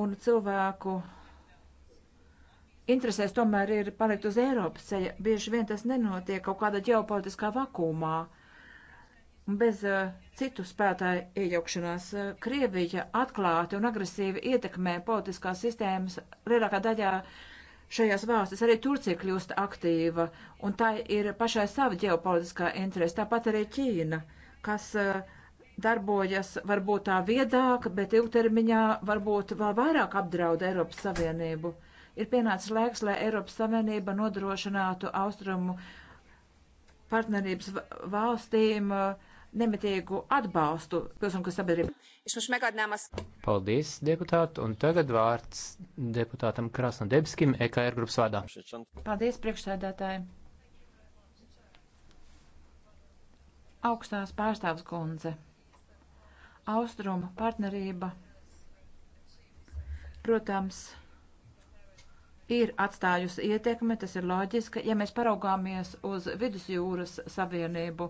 un cilvēku interesēs tomēr ir palikt uz Eiropas ceļa. Bieži vien tas nenotiek kaut kādā ģeopolitiskā vakumā. Bez uh, citu spētāju iejaukšanās uh, Krievija atklāti un agresīvi ietekmē politiskās sistēmas lielākā daļā šajās valstis. Arī Turcija kļūst aktīva, un tā ir pašai sava ģeopolitiskā interese. Tāpat arī Ķīna, kas uh, darbojas varbūt tā viedāk, bet ilgtermiņā varbūt vēl vairāk apdraud Eiropas Savienību. Uh, Ir pienācis laiks, lai Eiropas Savienība nodrošinātu austrumu partnerības valstīm uh, nemitīgu atbalstu pilsonkas sabiedrībai. Paldies, deputāti, un tagad vārds deputātam Krasnodebskim, EKR grupas vārdā. Paldies, priekšsēdētāji. Augstās pārstāvs kundze. Austrumu partnerība. Protams, ir atstājusi ietekme, tas ir loģiski. Ja mēs paraugāmies uz vidusjūras savienību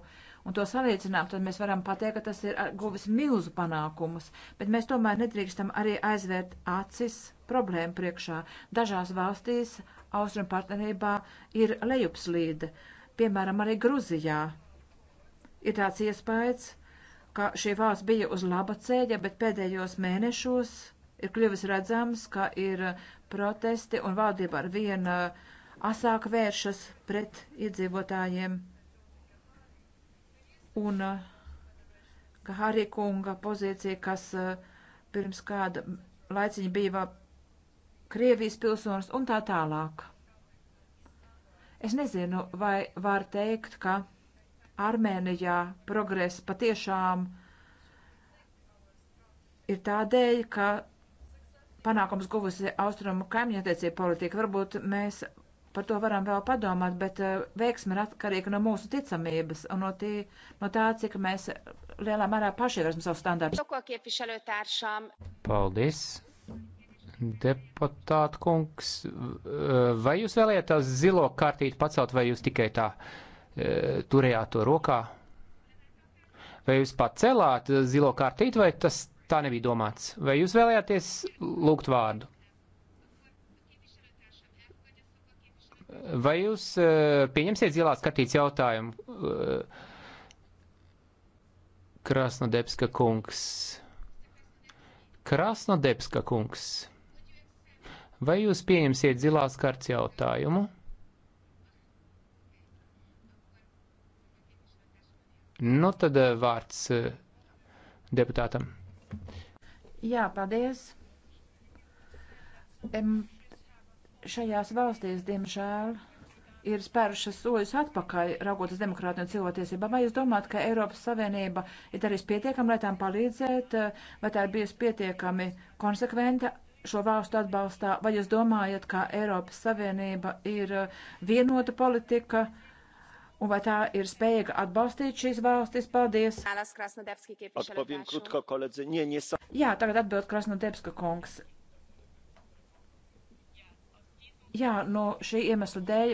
un to salīdzinām, tad mēs varam pateikt, ka tas ir guvis milzu panākumus, bet mēs tomēr nedrīkstam arī aizvērt acis problēmu priekšā. Dažās valstīs austrumu partnerībā ir lejupslīde, piemēram, arī Gruzijā. Ir tāds iespējas, ka šī valsts bija uz laba ceļa, bet pēdējos mēnešos ir kļuvis redzams, ka ir protesti un valdība ar vienu asāk vēršas pret iedzīvotājiem. Un ka Harī kunga pozīcija, kas pirms kāda laiciņa bija Krievijas pilsonis un tā tālāk. Es nezinu, vai var teikt, ka Armēnijā progress patiešām ir tādēļ, ka panākums guvusi austrumu kaimiņattiecību politika. Varbūt mēs par to varam vēl padomāt, bet eh, veiksme ir atkarīga no mūsu ticamības un no, tī, no tā, cik mēs lielā mērā paši ievērosim savu standārtu. Paldies! Deputāta kungs, vai jūs vēlējāties zilo kartīti pacelt, vai jūs tikai tā eh, turējāt to rokā? Vai jūs pacelāt zilo kartīti, vai tas Tā nebija domāts. Vai jūs vēlējāties lūgt vārdu? Vai jūs eh, pieņemsiet zilā skatīts jautājumu? Eh, Krasnodebska kungs. Krasnodebska kungs. Vai jūs pieņemsiet zilās karts jautājumu? Nu tad eh, vārds deputātam. Jā, paldies. Em, šajās valstīs, diemžēl, ir spērušas soļus atpakaļ, raugoties demokrātiem un cilvēktiesībām. Vai jūs domājat, ka Eiropas Savienība ir darījusi pietiekami, lai tām palīdzēt, vai tā ir bijusi pietiekami konsekventa šo valstu atbalstā, vai jūs domājat, ka Eiropas Savienība ir uh, vienota politika? Uh, Un vai tā ir spējīga atbalstīt šīs valstis? Paldies! Atpavim krutko, koledze. Nie, nie sa... Jā, tagad atbild Krasnodebska kungs. Jā, no šī iemesla dēļ